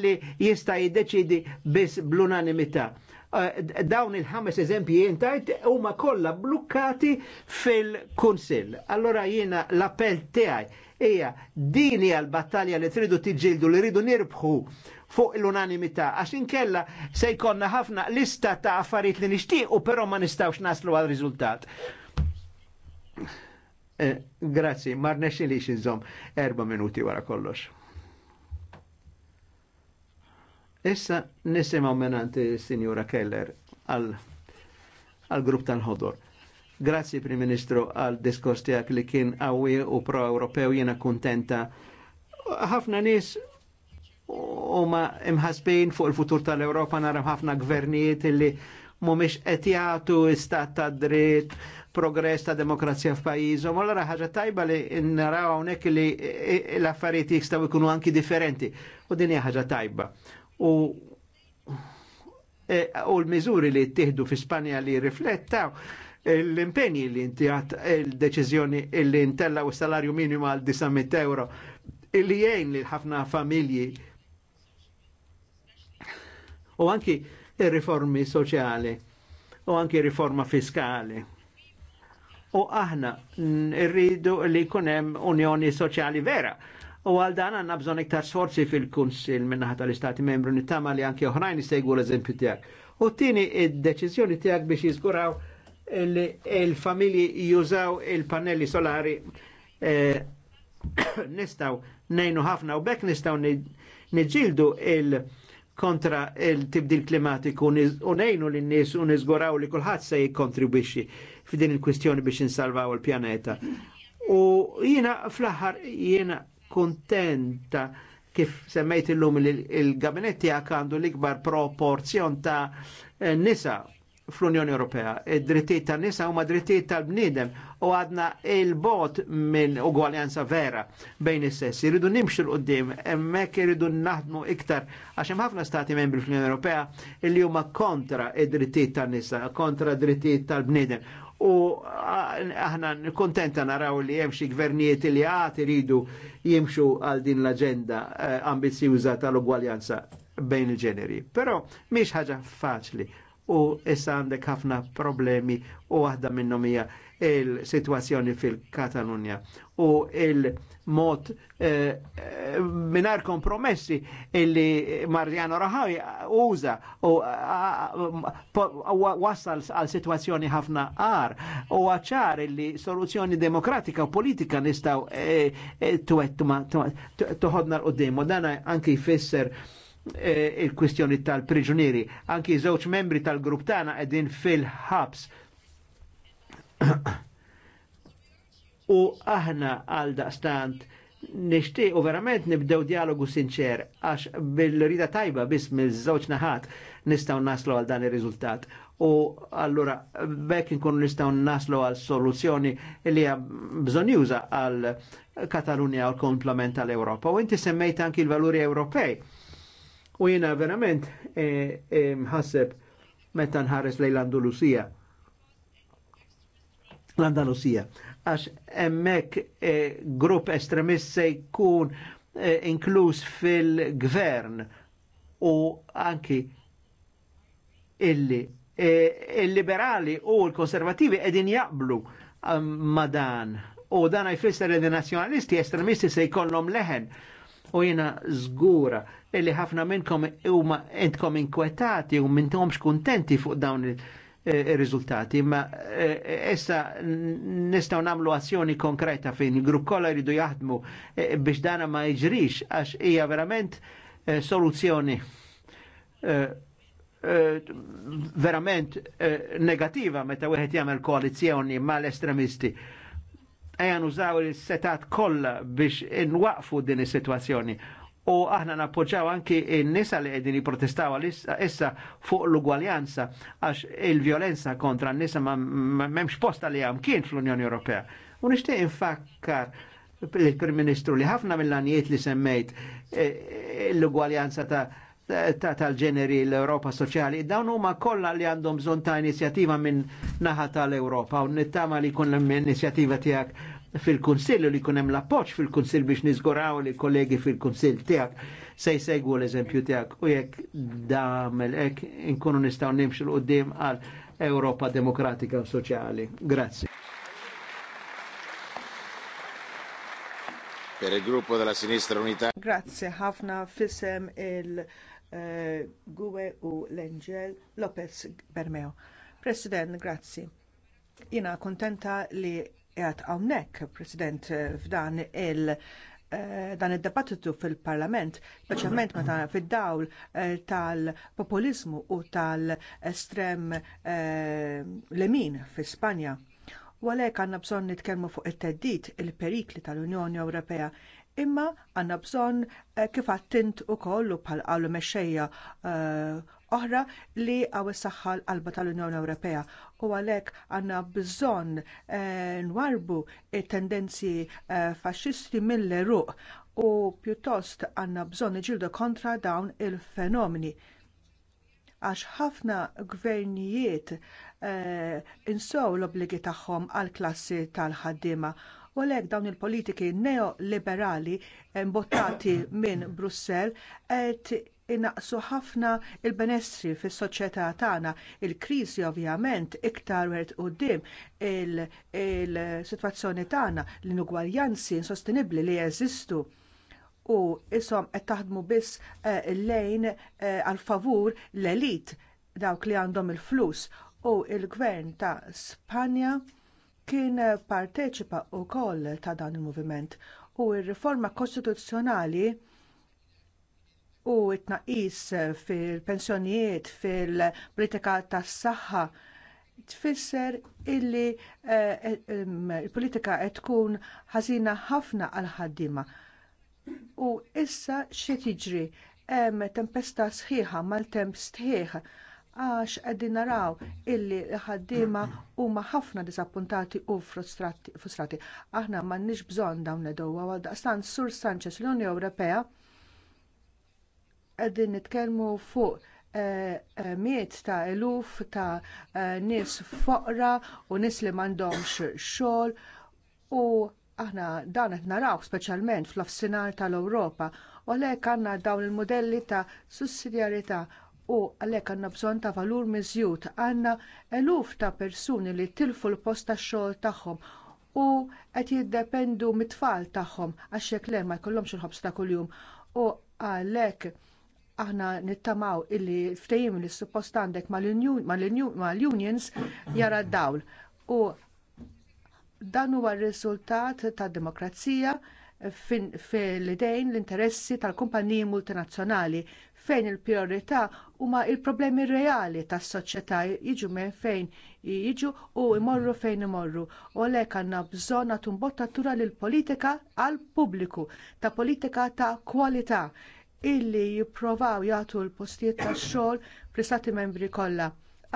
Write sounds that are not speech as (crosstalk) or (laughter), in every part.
li jista' jiddeċidi biss bl-unanimità. Eh, dawn il-ħames eżempji jintajt huma kollha blukkati fil-Kunsill. Allora jiena l-appell tiegħi hija dini għal battalja li tridu tiġildu li ridu nirbħu fuq l-unanimità għax inkella se jkollna ħafna lista ta' affarijiet li nixtiequ però ma nistgħux naslu għal riżultat. Eh, grazzi, mar nexxilix inżom erba' minuti wara kollox. Issa nisimaw menant il Signora Keller għal-grupp tal-ħodor. Grazzi, Prim Ministru, għal diskors tijak li kien għawi u pro-Ewropew jena kontenta. ħafna nis u ma imħasbin fuq il-futur tal-Europa naram ħafna gvernijiet li mumiex etjatu istat ta' dritt, progress ta' demokrazija f'pajizom. Allora ħaġa tajba li naraw għonek li l affariet jistgħu ikunu anki differenti. U din hija tajba u eh, u l-miżuri li ttieħdu fi Spanja li riflettaw eh, l-impenji li inti għat il-deċizjoni eh, li intella u salarju minimu għal 900 euro li jgħin li ħafna familji u anki riformi soċjali u anki riforma fiskali. U aħna rridu li kunem unjoni soċjali vera U għal dan għanna bżon iktar sforzi fil-Kunsil minnaħa tal-Istati membru nittama li anki oħrajn jistejgu l-eżempju tijak. U tini id-deċizjoni tijak biex jizguraw il-familji jużaw il-pannelli solari eh, (coughs) nistaw nejnu ħafna u bekk nistaw nġildu il- kontra il-tibdil klimatiku u nejnu l-nies u nizguraw li kullħat se jikontribwixi f'din il-kwistjoni biex insalvaw il-pjaneta. U jina fl-aħħar jina kontenta kif semmejt illum il gabinetti tiegħek għandu l-ikbar proporzjon ta' eh, nisa fl-Unjoni Ewropea. Id-drittijiet tan nisa huma drittijiet tal-bniedem u għadna il-bot minn ugwaljanza vera bejn is-sessi. Irridu nimxu l qudiem hemmhekk irridu naħdmu iktar għax hemm ħafna stati membri fl-Unjoni Ewropea li huma kontra id-drittijiet tan nisa, kontra id drittijiet tal-bniedem u aħna kontenta naraw li hemm xi gvernijiet li għad iridu jimxu għal din l agenda eh, ambizjuża tal-ugwaljanza bejn il-ġeneri. Però mhix ħaġa faċli u issa għandek ħafna problemi u waħda minnhom hija il-situazzjoni fil-Katalunja u il-mod eh, minar kompromessi illi Marjano Rahawi uża u eh, eh, wassal għal situazzjoni ħafna għar u għacċar illi soluzzjoni demokratika u politika nistaw eh, tuħodna l-qoddim u dana anki jfisser il-kwistjoni tal-priġunieri. Anki żewġ membri tal-grupp tagħna qegħdin fil-ħabs (coughs) u aħna għal daqstant nishtiq u verament nibdew dialogu sinċer għax bil-rida tajba biss mill-żewġ naħat nistgħu naslu għal dan ir-riżultat. U allura bekk nkunu nistgħu naslu għal soluzzjoni li hija bżonjuża għal Katalunja u komplement tal europa U inti semmejt anki l-valuri Ewropej. U jiena verament eh, eh, mħasseb meta nħares lejl Andalusija l-Andalusija. Għax emmek eh, grupp estremist se jkun eh, inkluż fil-gvern u anki illi eh, il-liberali u l-konservativi edin jaqblu madan u dan għajfisser li nazjonalisti estremisti se jkollom leħen u jena zgura illi ħafna minnkom u ma intkom inkwetati u mintomx kontenti fuq dawn il- il-rizultati, eh, ma issa eh, nistgħu nagħmlu azzjoni konkreta fejn il-grupp kolla jridu jaħdmu eh, biex dana ma jiġrix għax hija verament soluzzjoni verament negativa meta wieħed jagħmel koalizzjoni mal-estremisti. Ejan użaw il-setat kollha biex inwaqfu din is-sitwazzjoni u aħna nappoġġaw anki n-nisa li qegħdin jipprotestaw issa fuq l-ugwaljanza għax il-vjolenza kontra n-nisa m'hemmx posta li għam kien fl-Unjoni Ewropea. U nixtieq infakkar il-Prim Ministru li ħafna mill-għanijiet li semmejt e, e, l-ugwaljanza ta' ta' tal-ġeneri l-Europa Soċjali, dawn huma kollha li għandhom bżonn ta' inizjattiva minn naħa tal-Europa u nittama li kun l-inizjattiva tiegħek fil-Kunsill u li kunem la poċ fil-Kunsill biex nizguraw li kollegi fil-Kunsill tijak se jsegwu l-eżempju tijak u jekk damel ek inkunu nistaw nimxu l qoddim għal Europa Demokratika u Soċjali. Grazzi. Per il gruppo della Sinistra Unità. Grazie, ħafna Fissem il eh, Gue u l-Engel Lopez Bermeo. President, grazie. Jina kontenta li qiegħed hawnhekk, President, f'dan il- eh, dan id-debattitu fil-Parlament, speċjalment meta fid-dawl eh, tal-populizmu u tal-estrem eh, lemin fi Spanja. U għalhekk għandna bżonn nitkellmu fuq it teddit il-perikli tal-Unjoni Ewropea imma għandna bżonn kif għattint ukoll u bħal qalu mexxejja oħra li għaw saħħal qalba tal-Unjoni Ewropea. U għalhekk għandna bżonn eh, nwarbu t tendenzi eh, faxxisti mill-eruq u pjuttost għandna bżonn niġildu kontra dawn il-fenomeni għax ħafna gvernijiet insew eh, insow l obbligi tagħhom għall klassi tal-ħaddiema u għalhekk dawn il-politiki neoliberali imbottati minn Brussell qed inaqsu ħafna l benessri fis-soċjetà tagħna. Il-kriżi ovvjament iktar wert quddiem il-sitwazzjoni tagħna l-inugwaljanzi insostenibbli li jeżistu u isom qed taħdmu biss eh, lejn eh, għal favur l-elit dawk li għandhom il-flus u l il gvern ta' Spanja kien parteċipa wkoll ta' dan il-moviment u r riforma kostituzzjonali u t tnaqqis fil-pensjonijiet fil-politika tas-saħħa tfisser illi eh, il-politika qed tkun ħażina ħafna għal ħaddiema. U issa xi tiġri hemm tempesta sħiħa mal-temp sħiħ għax qegħdin naraw illi l-ħaddiema huma ħafna disappuntati u frustrati. Aħna m'għandniex bżonn dawn id edowa għal daqstant Sur Sanchez l-Unjoni Ewropea qegħdin nitkellmu fuq eh, eh, miet ta' eluf ta' eh, nies foqra u nies li m'għandhomx xogħol u aħna dan qed naraw speċjalment fl-offsinar tal-Ewropa u għalhekk għandna dawn il-modelli ta' sussidjarjetà u għalhekk għandna bżonn ta' valur miżjud għandna eluf ta' persuni li tilfu l-post tax-xogħol tagħhom u qed jiddependu mit-tfal tagħhom għax hekk le ma jkollhomx il-ħobs ta' kuljum u għalhekk aħna nittamaw illi ftejim li suppost għandek mal-unions jara d-dawl. U dan huwa r-riżultat tad demokrazija fil-idejn l-interessi tal-kumpaniji multinazzjonali fejn il-priorità huma l problemi reali tas-soċjetà jiġu minn fejn jiġu u jmorru fejn imorru. U għalhekk għandna bżonn nagħtu mbottatura lill politika għall pubbliku ta' politika ta' kwalità illi jipprovaw jagħtu l-postijiet tax-xogħol fl-istati membri kollha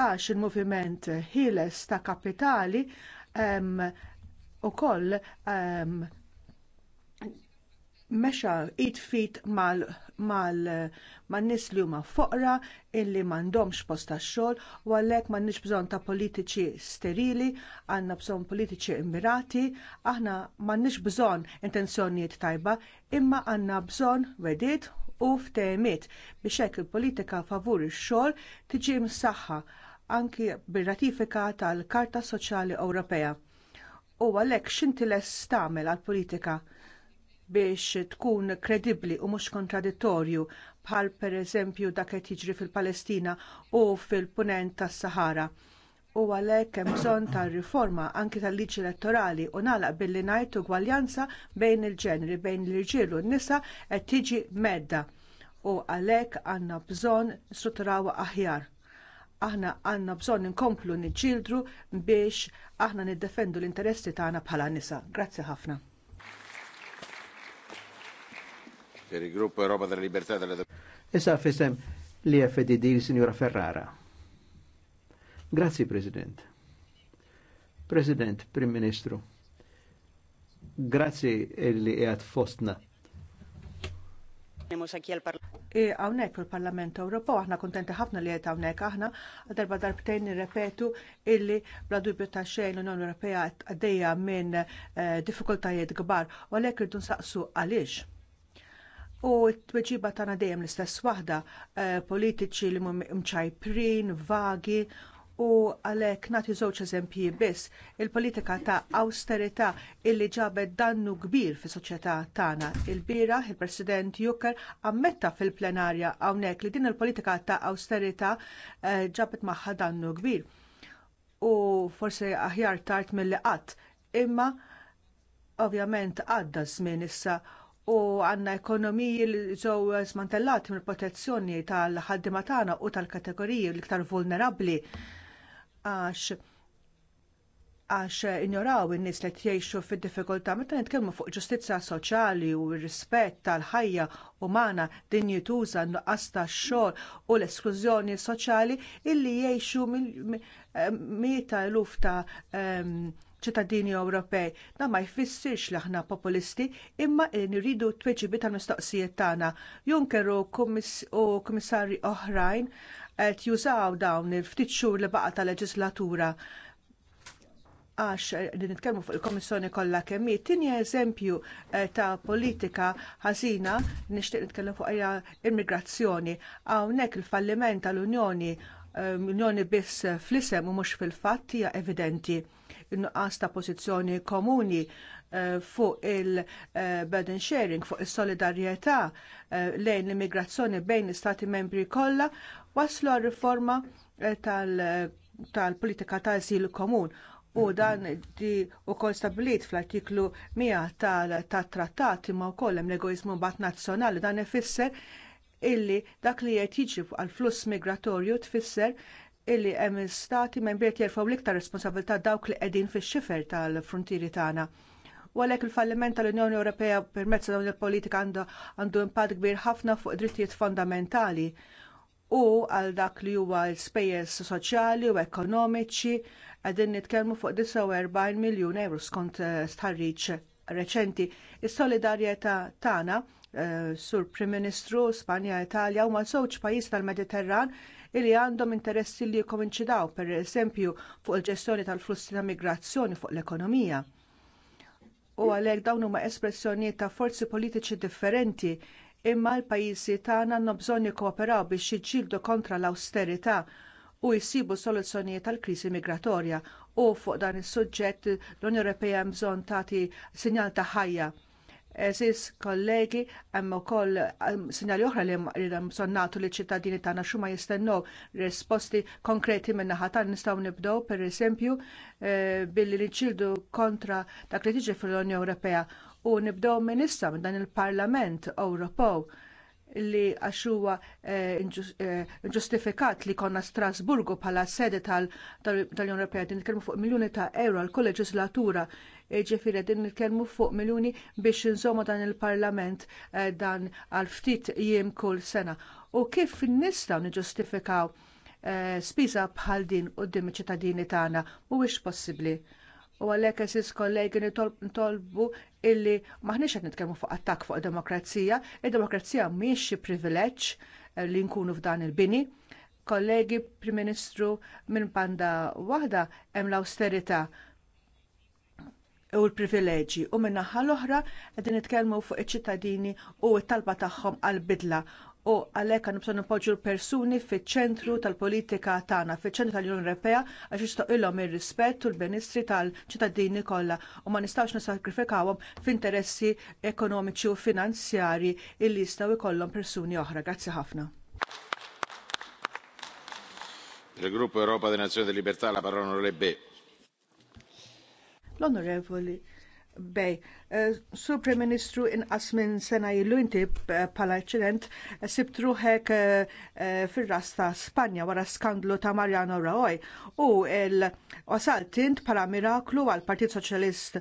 għax il-moviment ħieles ta' kapitali wkoll mexa id-fit mal, nis li huma foqra illi m'għandhomx post tax-xogħol u għalhekk m'għandniex bżonn ta' politiċi sterili, għandna bżonn politiċi immirati, aħna m'għandniex bżonn intenzjonijiet tajba, imma għandna bżonn wedid u ftehmiet biex hekk il-politika favur ix-xogħol tiġi msaħħa anki bir-ratifika tal-Karta Soċjali Ewropea. U għalhekk lest tagħmel għall-politika biex tkun kredibbli u mhux kontradittorju bħal pereżempju dak qed jiġri fil-Palestina u fil-punent tas-Sahara u għalhekk hemm bżonn ta' riforma anki tal-liġi elettorali u nagħlaq billi ngħid ugwaljanza bejn il ġenri bejn l-irġiel u n-nisa qed tiġi medda u għalhekk għandna bżonn strutturaw aħjar. Aħna għandna bżonn inkomplu niġġieldru biex aħna niddefendu l-interessi tagħna bħala nisa. Grazzi ħafna. E Issa li FDD Signora Ferrara. Grazzi, President. President, Prim Ministru, grazzi li għed fostna. Għawnek e fil-Parlament Ewropew, aħna kontenti ħafna li għed għawnek, aħna għadarba darbtejn nirrepetu illi bla dubju ta' xejn l-Unjoni Ewropea għaddejja minn eh, diffikultajiet kbar, u għalhekk irdu nsaqsu għaliex. U t-tweġiba tagħna dejjem l-istess waħda, eh, politiċi li mċajprin, vagi, u għalhekk nagħti żewġ eżempji biss il-politika ta' austerità illi ġabet dannu kbir fis soċjetà tagħna. Il-bira il-President Juker ammetta fil-plenarja hawnhekk li din il-politika ta' austerità eh, ġabet magħha dannu kbir. U forsi aħjar tard milli qatt, imma ovvjament għadda żmien issa u għandna ekonomiji li ġew smantellati mill protezzjoni tal-ħaddima tagħna u tal-kategoriji l-iktar vulnerabbli għax għax ignoraw in-nies li jgħixu fid-diffikultà meta nitkellmu fuq ġustizzja soċjali u r-rispett tal-ħajja umana dinjituża nuqqas tax-xogħol u l-esklużjoni soċjali illi jgħixu mieta eh, eluf ta' ehm, ċittadini Ewropej. Dan ma jfissirx li aħna populisti imma li nridu t tweġibi tal-mistoqsijiet tagħna. Juncker u kummissarji oħrajn qed jużaw dawn il-ftit xhur li baqa' tal-leġislatura għax eh, li nitkellmu fuq il-Komissjoni kollha kemm hi tieni eżempju eh, ta' politika ħażina nixtieq nitkellem fuq hija immigrazzjoni. Hawnhekk il-falliment tal-Unjoni eh, Unjoni biss fl-isem u mhux fil-fatt hija evidenti. In-nuqqas ta' pożizzjoni komuni fuq il-burden sharing, fuq is solidarjetà lejn l-immigrazzjoni bejn l istati membri kollha waslu għal riforma eh, tal-politika tal asil komun u dan di wkoll stabbilit fl-artiklu 100 tat-trattat imma wkoll hemm l-egoizmu mbagħad nazzjonali dan ifisser illi dak li qed jiġi għall fluss migratorju tfisser illi hemm stati membri qed jerfgħu l-iktar responsabilità dawk li qegħdin fix-xifer tal-frontieri tagħna. U għalhekk il-falliment tal-Unjoni Ewropea permezz dawn il-politika għandu impatt kbir ħafna fuq drittijiet fondamentali u għal dak li huwa l-spejjeż soċjali u ekonomiċi qegħdin nitkellmu fuq 49 miljun euro skont eh, stħarriġ reċenti. Is-solidarjetà tagħna eh, sur Prim Ministru Spanja Italja huma żewġ pajjiż tal-Mediterran li għandhom interessi li per pereżempju fuq il-ġestjoni tal-flussi ta' migrazzjoni fuq l-ekonomija. U għalhekk dawn huma espressjonijiet ta' forzi politiċi differenti imma l-pajjiżi tagħna għandhom bżonn jikkooperaw biex jiġġieldu kontra l-awsterità u jsibu soluzzjonijiet tal-kriżi migratorja u fuq dan is-suġġett l-Unjoni Ewropea hemm bżonn tagħti sinjal ta' ħajja. Eżis kollegi, hemm ukoll sinjali oħra li hemm bżonn nagħtu liċ ċittadini tagħna xuma jistennew risposti konkreti minn naħa tagħna nistgħu nibdew pereżempju eh, billi niġġieldu kontra dak li tiġi fl-Unjoni Ewropea u nibdew minn issa minn dan il-Parlament Ewropew li għax huwa eh, eh, ġustifikat li konna Strasburgu bħala sede tal-Unjoni Ewropea din nitkellmu fuq miljuni ta' euro għal kull leġislatura eh, ġifiri din nitkellmu fuq miljuni biex nżommu dan il-Parlament dan għal ftit jiem kull sena. U kif nistgħu niġġustifikaw spiża bħal din quddiem iċ-ċittadini tagħna mhuwiex possibbli u għalhekk eżis kollegi nitolbu illi maħniex qed nitkellmu fuq attak fuq demokrazija, id-demokrazija miex xi privileġġ eh, li nkunu f'dan il-bini. Kollegi Prim Ministru minn panda waħda hemm l austerita u l-privileġġi u minn naħa l-oħra qegħdin nitkellmu fuq iċ-ċittadini u t-talba tagħhom għall bidla u għalek għan bżonn nipoġġu l-persuni fiċ-ċentru tal-politika tagħna, fiċ-ċentru tal-Unjoni Ewropea għax jistaw ir il-rispettu l-benistri tal-ċittadini kollha u ma nistawx nisakrifikawhom f'interessi ekonomiċi u finanzjari illi jistaw ikollhom persuni oħra. Grazzi ħafna. Il-Gruppo Europa delle Nazione della Libertà la parola onorevole Bej. L-Onorevoli Bej Eh, Sur Prim Ministru inqas minn sena jillu inti bħala ċident sibtruħek ruħek eh, eh, fir-ras ta' Spanja wara skandlu ta' Mariano Rajoy u l-wasalt int bħala miraklu għal Partit Soċjalist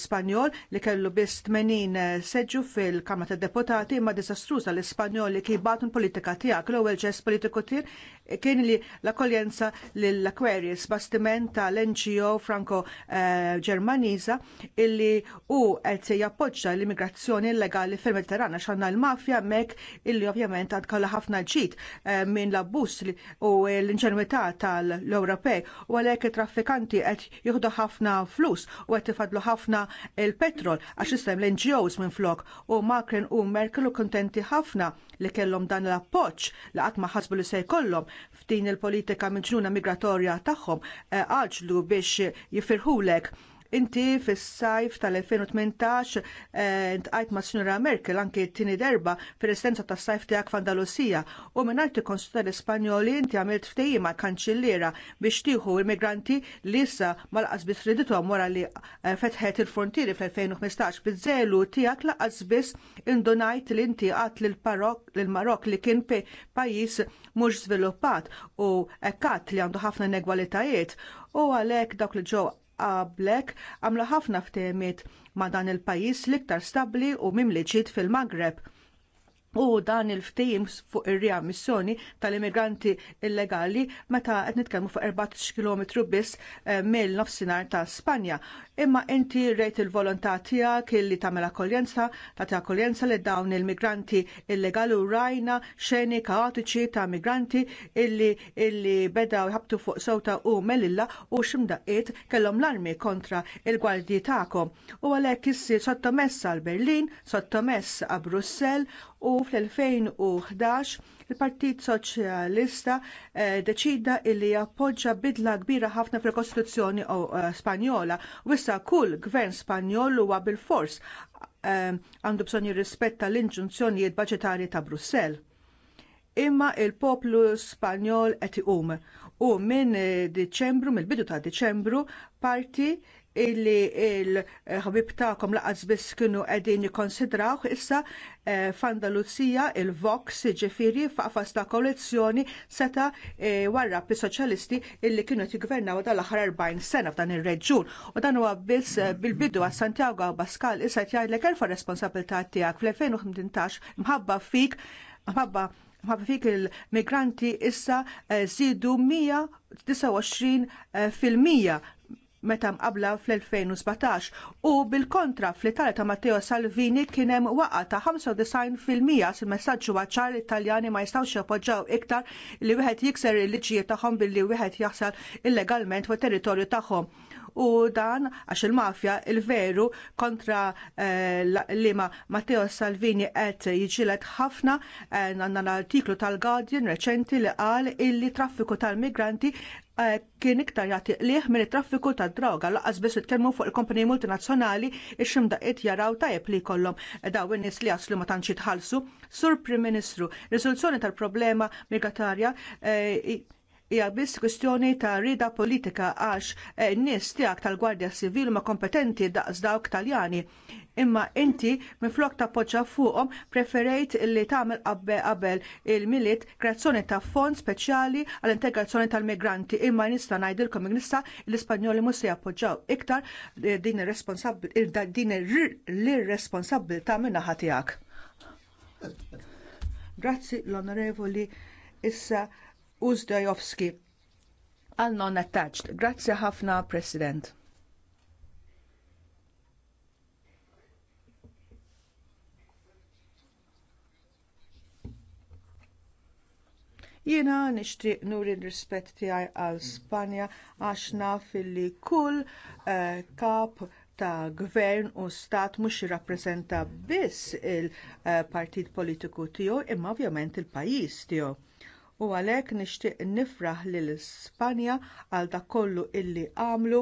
Spanjol li kellu bis 80 seġġu fil-Kamra tad Deputati imma disastruża l-Ispanjol li kibatu politika tiegħek l-ewwel ġest politiku kien li l akoljenza lill-Aquarius bastiment tal-NGO Franco germaniza illi u qed jappoġġa l-immigrazzjoni illegali fil-Mediterrana għandna l-mafja hemmhekk illi ovvjament għad kollha ħafna ġid eh, minn l-abbuż u l-inġenwità tal-Ewropej u għalhekk it-traffikanti qed jieħdu ħafna flus u qed ifadlu ħafna il-petrol għax isem l-NGOs minn flok u Macron u Merkel u kontenti ħafna li kellhom dan l-appoġġ li qatt ma ħasbu li se jkollhom f'din il-politika miġnuna migratorja tagħhom eh, għaġlu biex jifirħulek Inti fis-sajf tal-2018 eh, ntqajt ma' Sinjura Merkel anke t-tieni derba fir-residenza tas-sajf tiegħek f'Andalusija u mingħajr tikkonsulta l-Ispanjoli inti għamilt ftehim kanċilliera biex tieħu l-migranti li issa mal laqas biss ridithom wara li eh, fetħet il-frontieri fl-2015 biżżelu tiegħek laqas biss indunajt li inti qatt lill-Marok li kien pajjiż mhux żviluppat u ekkat li għandu ħafna negwalitajiet u għalhekk dawk li ġew qablek għamlu ħafna ftehmiet ma' dan il-pajjiż l-iktar stabbli u mimliċit fil-Magreb U dan il-ftejim fuq ir-riammissjoni tal-immigranti illegali meta qed nitkellmu fuq 14 km biss eh, mill-nofsinhar ta' Spanja. Imma inti rejt il-volontà tiegħek illi tagħmel akkoljenza, tagħti akkoljenza li dawn il-migranti illegali u rajna xeni kaotiċi ta' migranti illi illi bedaw jħabtu fuq sewta u melilla u x'imdaqqiet kellhom l-armi kontra il-gwardji tagħkom. U għalhekk issi sottomessa għal Berlin, sottomess għal Brussell u fl-2011 il-Partit Soċjalista eh, deċida li jappoġġa bidla kbira ħafna fil-Kostituzzjoni eh, Spanjola. u issa kull gvern Spanjol huwa bilfors eh, għandu bżonn jirrispetta l-inġunzjonijiet baġitarji ta' Brussell. Imma l poplu Spanjol qed iqum u minn Diċembru, mill-bidu ta' Diċembru, parti illi il-ħbib tagħkom laqas biss kienu qegħdin jikkonsidrawh issa eh, f'Andalusija, il-Vox ġifiri faqfas ta' koalizzjoni seta eh, warra is-soċjalisti illi kienu t-gvernaw dal-aħħar 40 sena f'dan ir-reġjun. U dan huwa biss eh, bil-bidu għas Santiago Pascal issa jgħidlek erfa' responsabilità tiegħek fl 2015 mħabba fik mħabba mħabba fik il-migranti issa zidu 129 fil-mija meta mqabla fl-2017 u bil-kontra fl-Italja ta' Matteo Salvini kien hemm waqa ta' 95% sil-messaġġu għaċċar l-Italjani ma jistgħux jappoġġaw iktar li wieħed jikser il-liġijiet tagħhom billi wieħed jaħsal illegalment fuq territorju tagħhom u dan għax il-mafja il-veru kontra eh, lima Matteo Salvini qed jiġilet ħafna eh, għandna l-artiklu tal-Guardian reċenti li qal illi traffiku tal-migranti eh, kien iktar jagħti liħ minn it-traffiku tad droga laqas biss it-kelmu fuq il-kompaniji multinazzjonali da' ximdaqiet jaraw tajjeb li jkollhom eh, daw in-nies li għaslu ma tantx jitħallsu. Sur Prim Ministru, Risoluzzjoni tal-problema migratarja eh, hija biss kwistjoni ta' rida politika għax eh, n nies tiegħek tal-Gwardja Sivil ma' kompetenti daqs dawk Taljani. Imma inti minflok tappoġġa fuqhom preferejt li tagħmel qabel il-milit kreazzjoni ta' fond speċjali għall integrazzjoni tal-migranti imma nista' ngħidilkom il-nisa l-Ispanjoli mhux se jappoġġaw iktar eh, din ir-responsabilità min-naħa tiegħek. Grazzi l-Onorevoli issa Uzdajowski għal non attached. Grazie ħafna, President. Jiena nishtri nuri r rispet tijaj għal Spanja għax naf li kull eh, kap ta' gvern u stat mhux jirrappreżenta biss il-partit eh, politiku tiegħu imma ovvjament il-pajjiż tiegħu u għalhekk nixtieq nifraħ lil Spanja għal dak kollu illi għamlu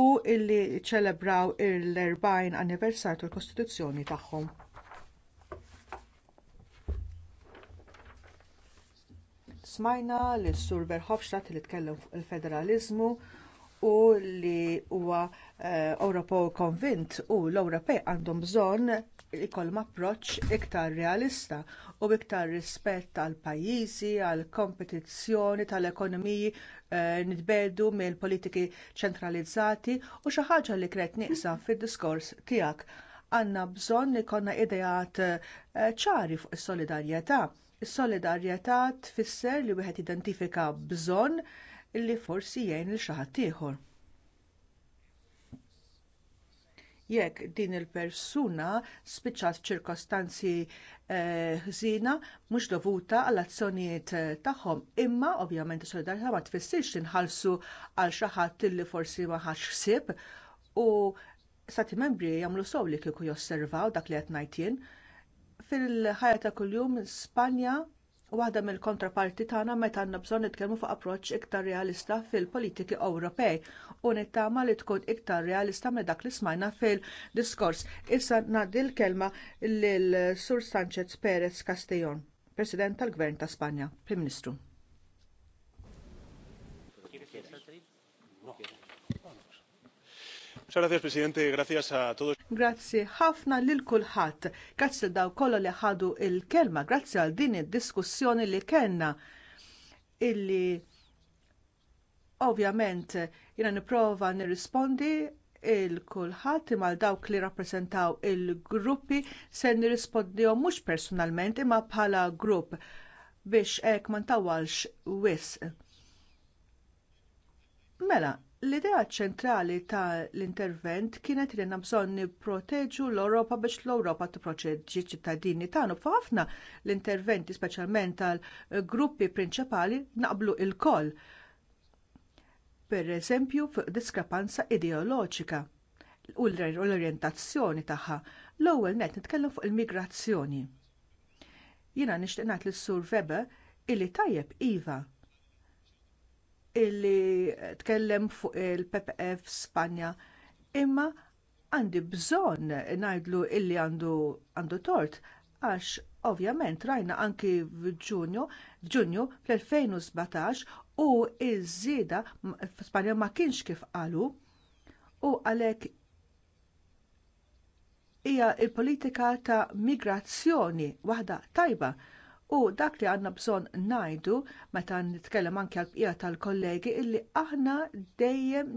u illi ċelebraw l-40 anniversarju tal-Kostituzzjoni tagħhom. Smajna lis sur Verhofstadt li tkellem fuq il-federalizmu u li huwa eh, Ewropew konvint u l-Ewropej għandhom bżonn ikollhom approċċ iktar realista u iktar rispett għall pajjiżi, għall kompetizzjoni tal-ekonomiji eh, nitbedu mill politiki ċentralizzati u xi ħaġa li kret nieqsa fid-diskors tiegħek. Għandna bżonn li jkollna ideat eh, ċari fuq is-solidarjetà. Is-solidarjetà tfisser li wieħed identifika bżonn illi forsi jgħin il xi ħadd ieħor. Jekk din il-persuna spiċċat ċirkostanzi eh, ħżina eh, mhux dovuta għall azzjonijiet tagħhom, imma ovvjament is-solidarità ma tfissirx inħallsu għal xi ħadd illi forsi ma ħax ħsieb u stati membri jagħmlu sew li kieku josservaw dak li qed ngħid jien. Fil-ħajja ta' kuljum Spanja waħda mill-kontraparti tagħna meta għandna bżonn nitkellmu fuq approċċ iktar realista fil-politiki Ewropej u nittama li tkun iktar realista minn dak li smajna fil-diskors. Issa ngħaddi l-kelma lil Sur Sanchez Perez Castellon, President tal-Gvern ta' Spanja, Prim Ministru. Grazie, Presidente, grazie a todos. Grazie ħafna lil kulħadd. Grazzi daw kollha li ħadu il-kelma, grazzi għal din id-diskussjoni li kellna illi ovvjament jiena nipprova nirrispondi il kulħadd imma dawk li rappresentaw il-gruppi se nirrispondihom mhux personalment imma bħala grupp biex hekk ma wis. wisq. Mela, L-idea ċentrali tal-intervent kienet li għandna bżonn nipproteġu l-Ewropa biex l-Ewropa tipproteġġi ċittadini tagħna f'ħafna l-interventi speċjalment tal-gruppi prinċipali naqblu lkoll. Pereżempju fuq diskrepanza ideoloġika u l-orjentazzjoni tagħha. L-ewwel nett nitkellem fuq il-migrazzjoni. Jiena nixtieq ngħid lis sur Weber illi tajjeb iva illi tkellem fuq il-PPF Spanja. Imma għandi bżonn najdlu illi għandu, għandu tort għax ovvjament rajna anki f'Ġunju, f'Ġunju fl-2017 u iż-żieda f'Spanja ma kienx kif qalu u għalhekk hija l politika ta' migrazzjoni waħda tajba U dak li għandna bżonn ngħidu meta nitkellem anke għall bqija tal-kollegi illi aħna dejjem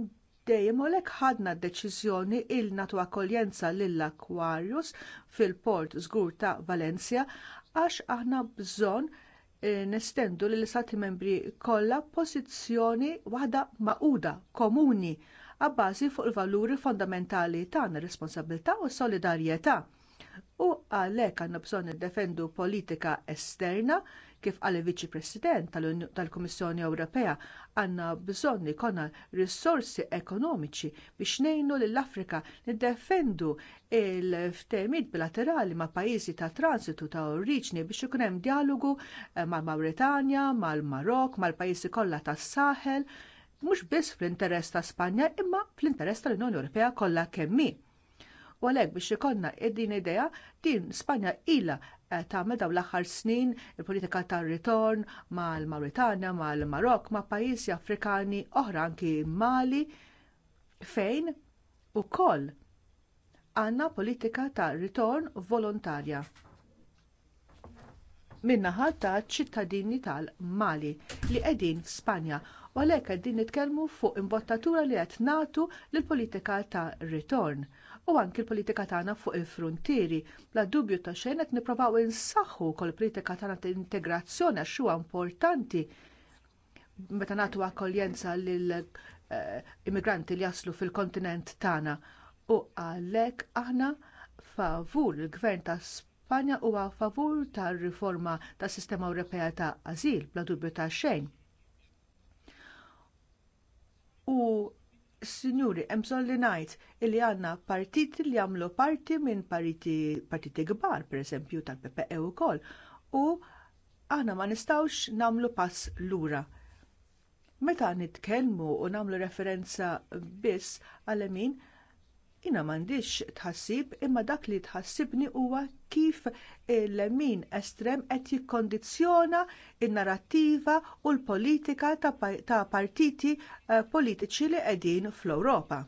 dejjem għalhekk ħadna d-deċiżjoni il natu akkoljenza lill Aquarius fil-port żgur ta' Valencia għax aħna bżonn eh, nestendu l istati membri kollha pożizzjoni waħda maquda komuni għabbażi fuq il-valuri fondamentali tagħna responsabilità u s solidarjetà u għalhekk għandna bżonn niddefendu politika esterna kif qal il-Viċi President tal-Kummissjoni Ewropea għandna bżonn ikollna risorsi ekonomiċi biex ngħinu lill-Afrika niddefendu l ftehmiet bilaterali ma' pajjiżi ta' transitu ta' oriġni biex ikun hemm dijalogu eh, mal-Mawritanja, mal-Marok, mal-pajjiżi kollha tas sahel mhux biss fl-interess ta' Spanja imma fl-interess tal-Unjoni Ewropea kollha kemm U għalhekk biex ikollna din idea din Spanja ilha eh, tagħmel dawn l-aħħar snin il-politika tar ritorn mal-Mauritania, mal-Marok, ma' pajjiżi Afrikani oħra anki Mali fejn ukoll għandna politika ta' ritorn volontarja min-naħa taċ ċittadini tal-Mali li qegħdin f'Spanja u għalhekk qegħdin nitkellmu fuq imbottatura li qed nagħtu lill-politika ta' ritorn u anki l-politika tagħna fuq il-frontieri. Bla dubju ta' xejn qed nippruvaw insaħħu kol politika tagħna ta' integrazzjoni għax huwa importanti meta nagħtu akkoljenza lill eh, immigranti li jaslu fil-kontinent tagħna u għalhekk aħna favur il-gvern ta' Spanja huwa favur tar riforma tas sistema Ewropea ta' Ażil bla dubju ta' xejn. U Sinjuri, hemm bżonn li ngħid illi għandna partiti li jagħmlu parti minn partiti kbar, pereżempju tal-PPE wkoll, u aħna ma nistgħux nagħmlu pass lura. Meta nitkellmu u nagħmlu referenza biss għal min Jiena m'għandix tħassib imma dak li tħassibni huwa kif il-min estrem qed jikkondizzjona in-narattiva u l-politika ta' partiti eh, politiċi li qegħdin fl-Ewropa.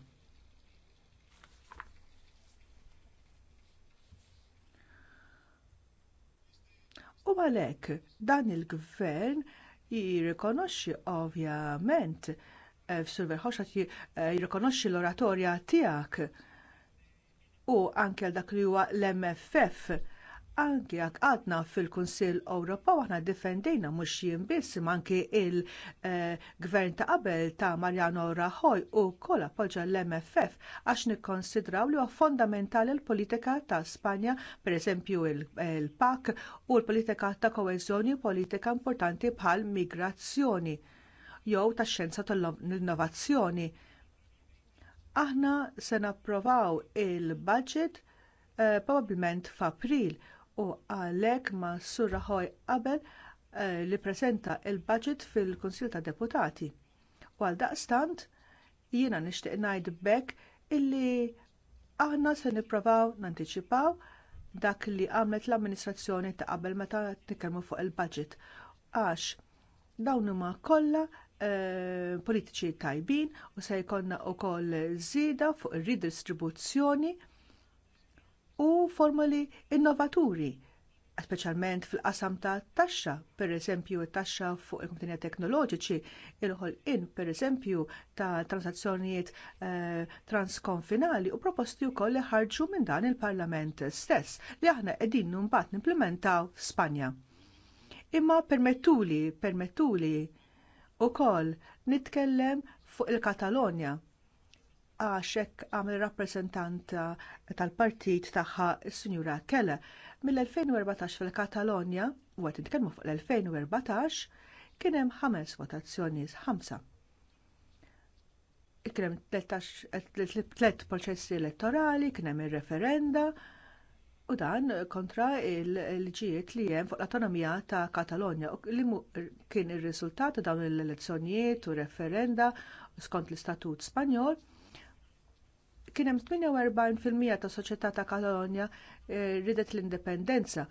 U għalhekk dan il-gvern jirrikonoxxi ovvjament Eh, Silver Hoxat eh, jirrikonoxxi l-oratorja tiegħek u anke għal dak li huwa l-MFF anke jekk għadna fil-Kunsill Ewropew aħna ddifendejna mhux jien biss anke il-gvern eh, ta' qabel ta' Mariano Rajoy kol appoġġa l-MFF għax nikkonsidraw li huwa fondamentali l-politika ta' Spanja, pereżempju il-PAK u l-politika ta' u politika importanti bħal migrazzjoni jew tax-xjenza tal-innovazzjoni. Aħna se napprovaw il-budget eh, probabbilment f'April u għalhekk ma' Sur Rajoy qabel eh, li ppreżenta l budget fil-Kunsil tad Deputati. U għaldaqstant jiena nixtieq ngħid bekk illi aħna se nipprovaw nanticipaw dak li għamlet l-amministrazzjoni ta' qabel meta nitkellmu fuq il-budget. Għax dawn huma kollha Eh, politiċi tajbin u se jkollna wkoll żieda fuq ir-ridistribuzzjoni u formuli innovaturi speċjalment fil-qasam ta' taxxa, pereżempju t taxxa fuq il-kumpanija teknoloġiċi, il-ħolqien pereżempju ta' transazzjonijiet eh, transkonfinali u proposti wkoll li ħarġu minn dan il-Parlament stess li aħna qegħdin mbagħad nimplementaw f'Spanja. Imma permettuli, permettuli ukoll nitkellem fuq il-Katalonja għax hekk għamel rappreżentanta tal-partit tagħha s-Sinjura Kella Mill-2014 fil-Katalonja, u għed nitkellmu fuq l-2014, kien hemm ħames votazzjoni ħamsa. Kien hemm tliet proċessi elettorali, kien hemm ir referenda u dan kontra l-ġiet li hemm fuq l-autonomija ta' Katalonja li kien ir-riżultat ta' dawn l-elezzjonijiet u referenda skont l-Istatut Spanjol kien hemm 48% ta' soċjetà ta' Katalonja eh, ridet l-indipendenza.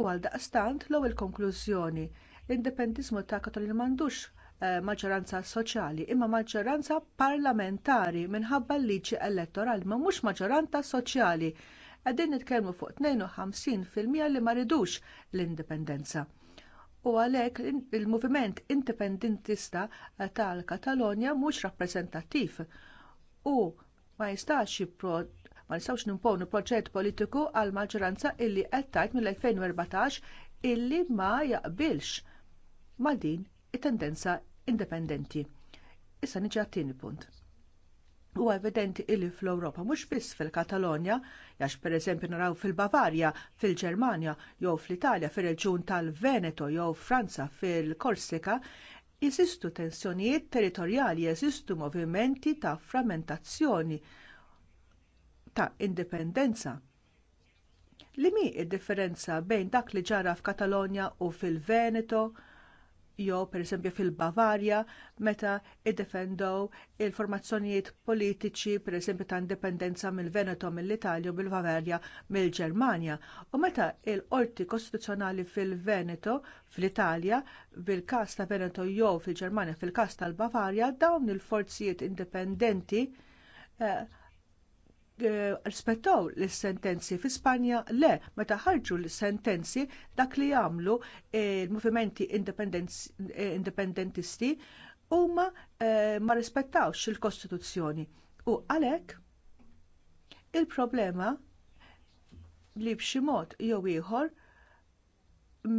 U għaldaqstant l-ewwel konklużjoni l-indipendiżmu ta' Katalonja m'għandux Eh, maġġoranza soċjali imma maġġoranza parlamentari minħabba l-liġi elettorali ma mhux maġġoranza soċjali. Qegħdin nitkellmu fuq 52% li ma ridux l-indipendenza. U għalhekk il-moviment indipendentista eh, tal-Katalonja mhux rappreżentattiv u ma jistax ma nistgħux nimponu proġett politiku għal maġġoranza illi qed tgħid mill-2014 illi ma jaqbilx ma' din it-tendenza indipendenti. Issa niġi għat-tieni punt. Huwa evidenti illi fl europa mhux biss fil-Katalonja, għax pereżempju naraw fil-Bavarja, fil-Ġermanja, jew fl-Italja, fir-reġjun tal-Veneto, jew Franza, fil-Korsika, jesistu tensjonijiet territorjali, jeżistu movimenti ta' frammentazzjoni ta' indipendenza. Li mi differenza bejn dak li ġara f'Katalonja u fil-Veneto, jew pereżempju fil-Bavarja meta iddefendow il-formazzjonijiet politiċi pereżempju ta' indipendenza mill-Veneto, mill-Italja u mill-Bavarja mill-Ġermanja. U meta l qorti Kostituzzjonali fil-Veneto fl-Italja bil kas ta' Veneto jew fil-Ġermanja fil kas tal-Bavarja dawn il-forzijiet indipendenti eh, rispettaw l-sentenzi fi Spanja le meta ħarġu l-sentenzi dak li jagħmlu eh, il-movimenti indipendentisti eh, huma eh, ma rispettawx il-Kostituzzjoni. U għalhekk il-problema li b'xi mod jew ieħor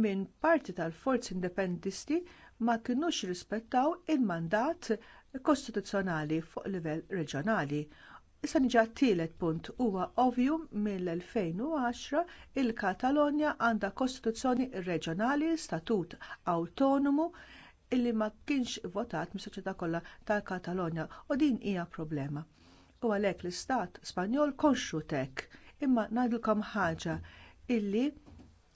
minn parti tal-forzi indipendisti ma kinux rispettaw il-mandat kostituzzjonali fuq livell reġjonali Issa niġa t-tielet punt huwa ovvju mill-2010 il-Katalonja għandha kostituzzjoni reġjonali statut awtonomu illi ma kienx votat mis-soċjetà kollha tal-Katalonja u din hija problema. U għalhekk l-Istat Spanjol konxu tek imma ngħidilkom ħaġa illi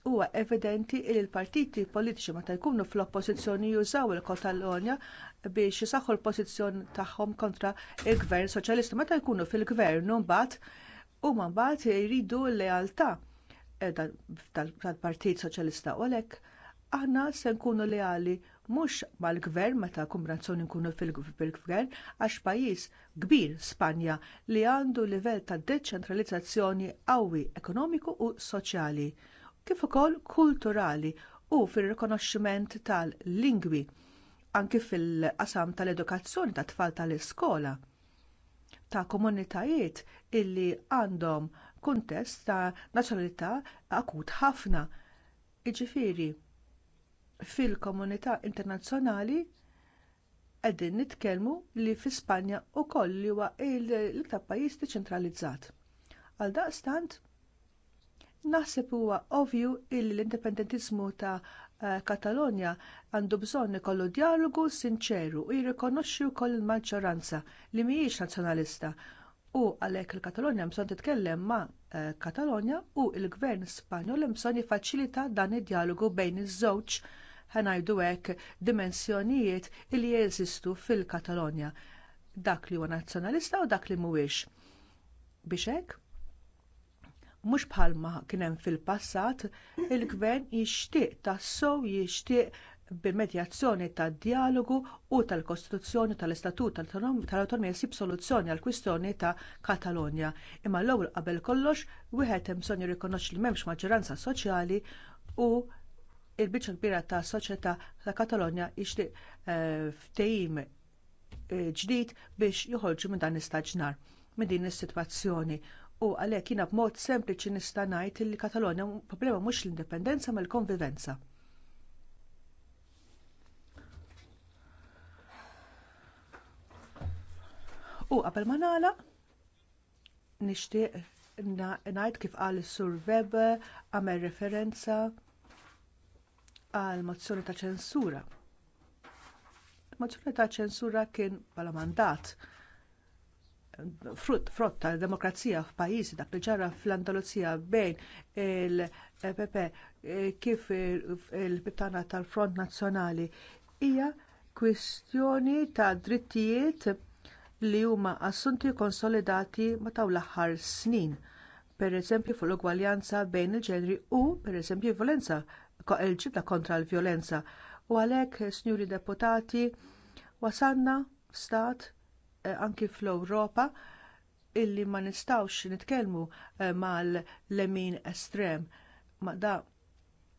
huwa evidenti li l-partiti politiċi meta jkunu fl-oppożizzjoni jużaw il-Katalonja biex jisaħħu l-pożizzjoni tagħhom kontra l gvern soċjalista meta jkunu fil-gvern mbagħad huma mbagħad jridu l-lealtà eh, tal-Partit Soċjalista u hekk. aħna se nkunu leali mhux mal-gvern meta kombinazzjoni nkunu fil-gvern għax pajjiż kbir Spanja li għandu livell ta' deċentralizzazzjoni qawwi ekonomiku u soċjali kif ukoll kulturali u fir-rikonoxximent tal-lingwi anki fil-qasam tal-edukazzjoni tat tfal tal-iskola ta' komunitajiet illi għandhom kuntest ta' nazzjonalità akut ħafna. Jiġifieri fil-komunità internazzjonali qegħdin nitkellmu li fi Spanja wkoll li huwa l-iktar pajjiż deċentralizzat. Għaldaqstant Naħseb huwa ovvju li l-indipendentizmu ta' eh, Katalonja għandu bżonn ikollu dijalogu sinċeru u jirrikonoxxi wkoll il-maġġoranza li mhijiex nazzjonalista u għalhekk il-Katalonja bżonn titkellem ma' eh, Katalonja u l gvern Spanjol hemm bżonn jiffaċilita dan id-dijalogu bejn iż-żewġ ħanajdu hekk dimensjonijiet li jeżistu fil-Katalonja dak li huwa nazzjonalista u dak li mhuwiex. Biex hekk mhux bħalma kien hemm fil-passat, il-gvern jixtieq tassew jixtieq bil-medjazzjoni tad dialogu u tal-Kostituzzjoni tal-Istatut tal-Autonomija jsib soluzzjoni għall kwistjoni ta' Katalonja. Imma l-ewwel qabel kollox wieħed hemm bżonn jirrikonoxxi li m'hemmx maġġoranza soċjali u l biċċa kbira tas soċjetà ta' Katalonja jixtieq eh, ftehim eh, ġdid biex joħorġu minn dan l-istaġnar minn din is-sitwazzjoni U għalhekk jiena b'mod sempliċi nista' ngħid li Katalonja problema mhux l-indipendenza mal konvivenza U qabel ma nagħlaq nixtieq ngħid kif qal sur Weber għamel referenza għal mozzjoni ta' ċensura. Mozzjoni ta' ċensura kien bħala mandat frott frott tal-demokrazija f'pajjiżi dak li ġara fl-Andaluzija bejn il-PP eh, kif il-Pittana tal-Front Nazzjonali hija kwistjoni ta' drittijiet li huma assunti konsolidati matul l-aħħar snin, pereżempju fuq l-ugwaljanza bejn il-ġenri u pereżempju violenza il-ġibda kontra l-vjolenza. U għalhekk, Sinjuri Deputati, wasanna f'stat Eh, anki fl-Ewropa illi ma nistawx nitkellmu eh, mal-lemin estrem ma da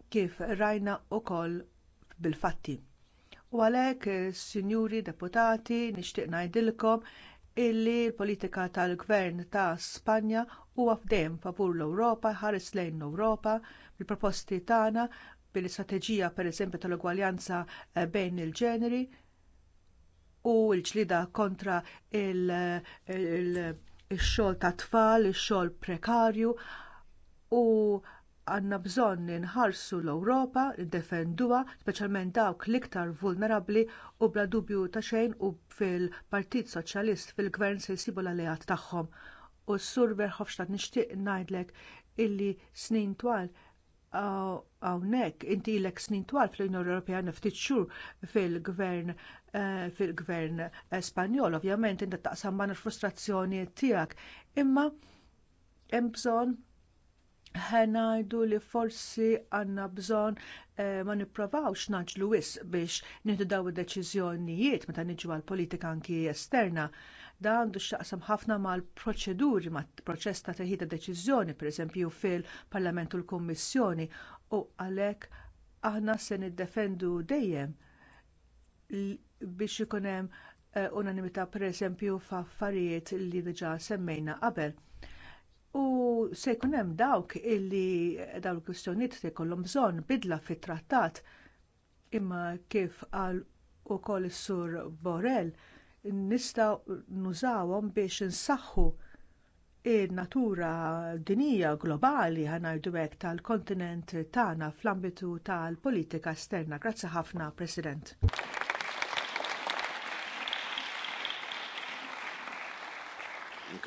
kif rajna wkoll bil-fatti. U għalhekk, eh, sinjuri deputati, nixtieq ngħidilkom illi l-politika tal-gvern ta' Spanja huwa f'dejjem favur l-Ewropa, ħares lejn l-Ewropa, bil-proposti tagħna bil-istrateġija pereżempju tal-ugwaljanza bejn il-ġeneri, u l-ġlida kontra il-xogħol ta' tfal, ix-xogħol prekarju u għandna bżonn inħarsu l-Ewropa, defenduha, speċjalment dawk l-iktar vulnerabbli u bla dubju ta' xejn u fil-Partit Soċjalist fil-Gvern se jsibu l-alleat tagħhom. U s-Sur Verhofstadt nixtieq ngħidlek illi snin twal hawnhekk inti ilek snin twal fl-Unjoni Ewropea niftit xhur fil-Gvern Eh, fil-gvern Spanjol, ovvjament inti taqsam man il-frustrazzjoni tiegħek, imma hemm bżonn ħanajdu li forsi għandna bżonn eh, ma nipprovawx naġlu wisq biex nieħdu id-deċiżjonijiet meta niġu għall politika anki esterna. Da għandu x'taqsam ħafna mal-proċeduri, mal-proċess ta' teħid deċiżjoni, pereżempju fil-Parlament u l-Kummissjoni, u għalhekk aħna se niddefendu dejjem biex ikun hemm eh, unanimità pereżempju f'affarijiet li diġà semmejna qabel. U se jkun hemm dawk illi dawn il-kwistjonijiet se jkollhom bżonn bidla fit-trattat imma kif qal ukoll is-sur Borrell nistgħu nużawhom biex insaħħu n natura dinija globali ħanajdu hekk tal-kontinent tagħna fl-ambitu tal-politika esterna. Grazzi ħafna, President.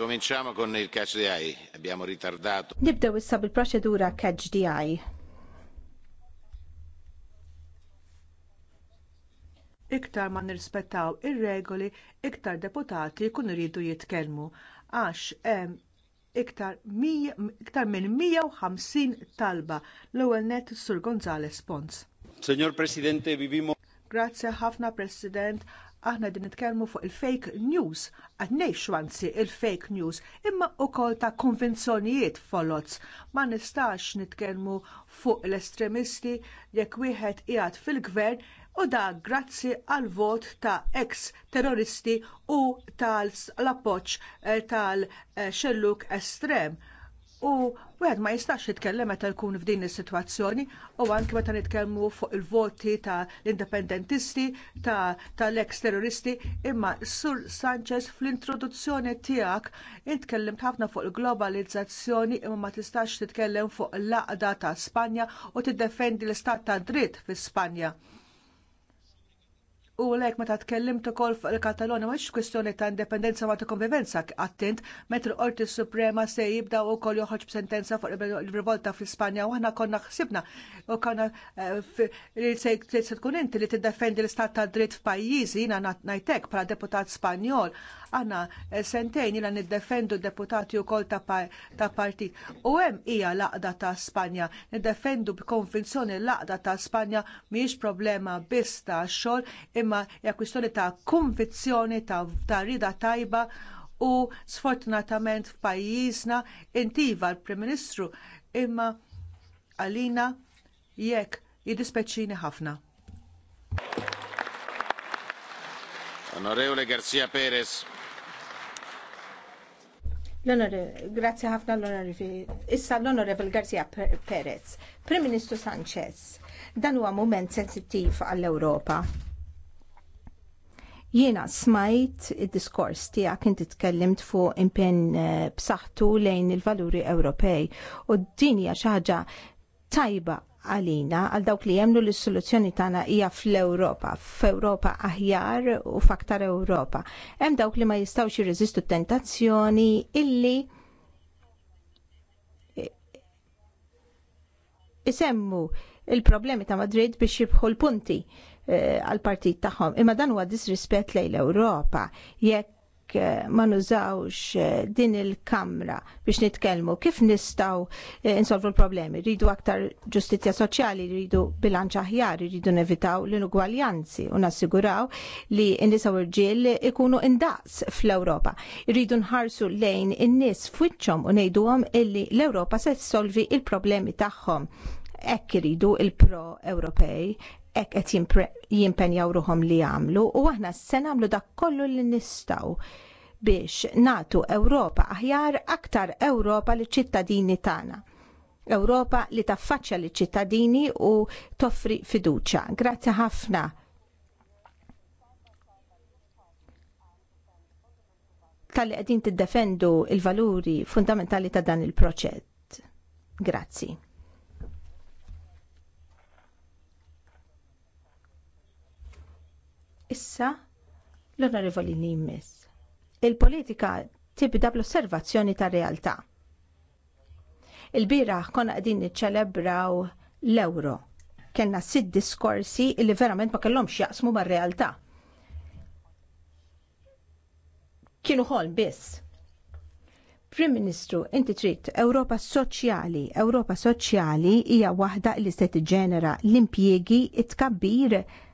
Cominciamo con il catch di eye. Abbiamo ritardato. Nibdew issa bil-proċedura catch the eye. Iktar ma nirrispettaw ir-regoli, iktar deputati kun iridu jitkellmu għax hemm iktar, iktar minn 150 talba l-ewwel net sur Gonzales Pons. Signor Presidente, vivimo Grazie ħafna President aħna din nitkellmu fuq il-fake news, għad nejx anzi il-fake news, imma wkoll ta' konvenzjonijiet folots. Ma nistax nitkellmu fuq l-estremisti jekk wieħed qiegħed fil-gvern u da grazzi għal vot ta' ex terroristi u tal-appoċ eh, tal-xelluk estrem U wieħed ma jistax jitkellem meta jkun f'din is-sitwazzjoni u anke meta nitkellmu fuq il-voti ta' l-indipendentisti, ta' tal-ex terroristi, imma Sur Sanchez fl-introduzzjoni tiegħek intkellem ħafna fuq il-globalizzazzjoni imma ma tistax titkellem fuq l-laqda ta' Spanja u tiddefendi l-istat ta' dritt fi Spanja U lek meta tkellimt ukoll fuq il-Katalonja mhux kwistjoni ta' indipendenza ma ta' konvivenza attent meta l-Qorti Suprema se jibda u wkoll joħroġ b'sentenza fuq il-rivolta fl-Ispanja u aħna konna ħsibna u konna eh, li se tkun inti li tiddefendi l-istat ta' dritt f'pajjiżi jina najtek bħala deputat Spanjol aħna eh, sentejn jiena niddefendu deputati wkoll ta' partit. U hemm hija laqda ta' Spanja. Niddefendu b'konvinzjoni l-għaqda ta' Spanja mhijiex problema biss ta' xogħol imma imma hija kwistjoni ta' konvizzjoni ta', ta rida tajba u sfortunatament f'pajjiżna intiva l-Prim Ministru imma għalina jekk jiddispeċċini ħafna. Onorevole Garcia Perez. L-onore, grazie ħafna l-onore, issa l-onorevole Garcia Perez, Prim Ministru Sanchez, dan huwa mument sensittiv għall-Ewropa Jiena smajt id-diskors tiegħek inti tkellimt fuq impenn eh, b'saħħtu lejn il-valuri Ewropej u din hija xi ħaġa tajba għalina għal dawk li jemlu li s-soluzzjoni tagħna hija fl-Ewropa, f'Ewropa aħjar u f'aktar Ewropa. Hemm dawk li ma jistgħux jirreżistu tentazzjoni illi isemmu il-problemi ta' Madrid biex jibħu l-punti Eh, għal-partit tagħhom. Imma dan huwa disrispett lejn l-Ewropa. Jekk eh, ma nużawx eh, din il-kamra biex nitkellmu kif nistaw insolvu l-problemi. Rridu aktar ġustizja soċjali, rridu bilanċ aħjar, rridu nevitaw l-inugwaljanzi u nassiguraw li n-nisa u ikunu indaqs fl-Ewropa. Rridu nħarsu lejn in-nies fwiċċhom u ngħiduhom illi l-Ewropa se solvi il-problemi tagħhom. Ekk iridu il-pro-Ewropej, hekk qed jimpenjaw ruhom li jagħmlu u aħna sena għamlu dak kollu li nistgħu biex natu Ewropa aħjar aktar Ewropa li ċittadini tagħna. Ewropa li taffaċċja li ċittadini u toffri fiduċja. Grazzi ħafna. tal-li qegħdin tiddefendu l valuri fundamentali ta' dan il-proċett. Grazzi. Issa l-onorevoli Nimes. Il-politika tibda bl-osservazzjoni tar realtà. Il-biraħ konna qegħdin niċċelebraw l-euro. Kenna sitt diskorsi li verament ma kellhomx jaqsmu mar-realtà. Kienu ħolm biss. Prim Ministru, inti trid Ewropa Soċjali. Ewropa Soċjali hija waħda li se tiġġenera l-impjiegi, it-tkabbir, it it tkabbir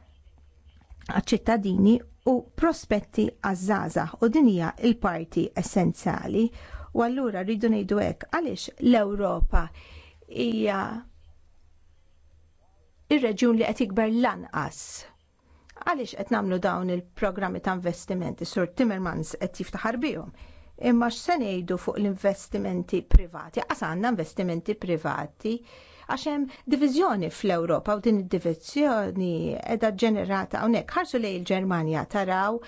għaċ-ċittadini u prospetti għaż-żgħażagħ u din hija l-parti essenzjali u allura rridu ngħidu hekk għaliex l-Ewropa hija ir-reġjun li qed jikber lanqas. Għaliex qed nagħmlu dawn il-programmi ta' investimenti sur Timmermans qed jiftaħar bihom. Imma x'se ngħidu fuq l-investimenti privati, qas għandna investimenti privati, privati għax hemm diviżjoni fl-Ewropa u din id edha ġenerata hawnhekk ħarsu lejn il-Ġermanja taraw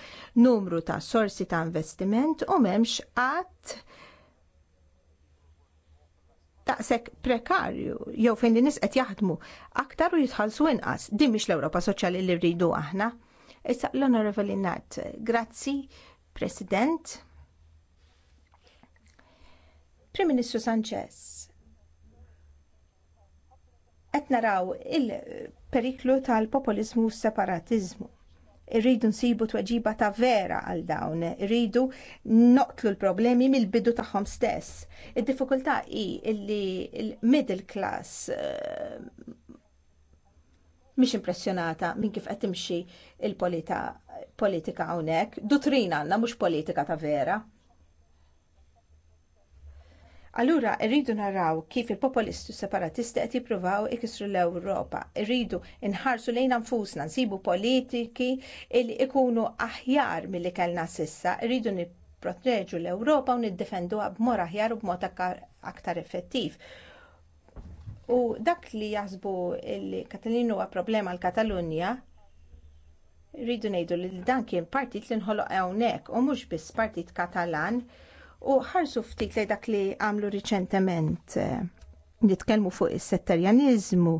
numru ta' sorsi ta' investiment u m'hemmx qatt taqsek prekarju jew fejn din qed jaħdmu aktar u jitħallsu inqas. Din mhix l-Ewropa Soċjali li rridu aħna. Issa l-Onorevoli Nat, grazzi, President. Prim Ministru Sanchez qed naraw il-periklu tal-populizmu u separatiżmu. Irridu nsibu tweġiba ta' vera għal dawn, irridu noqtlu l-problemi mill-bidu tagħhom stess. Id-diffikultà hi li l-middle class eh, mhix impressjonata minn kif qed timxi l politika hawnhekk, dutrina għandna mhux politika ta' vera. Allura rridu naraw kif il populisti separatisti qed jippruvaw ikisru l-Ewropa. Irridu nħarsu lejn anfusna nsibu politiki li ikunu aħjar milli kellna sissa, irridu nipproteġu l-Ewropa u niddefenduha b'mod aħjar u b'mod aktar effettiv. U dak li jaħsbu li Katalin huwa problema l-Katalunja, rridu ngħidu li dan kien partit li nħoloq hawnhekk u mhux biss partit Katalan u ħarsu ftit li dak li għamlu riċentement nitkellmu fuq is-settarjanizmu.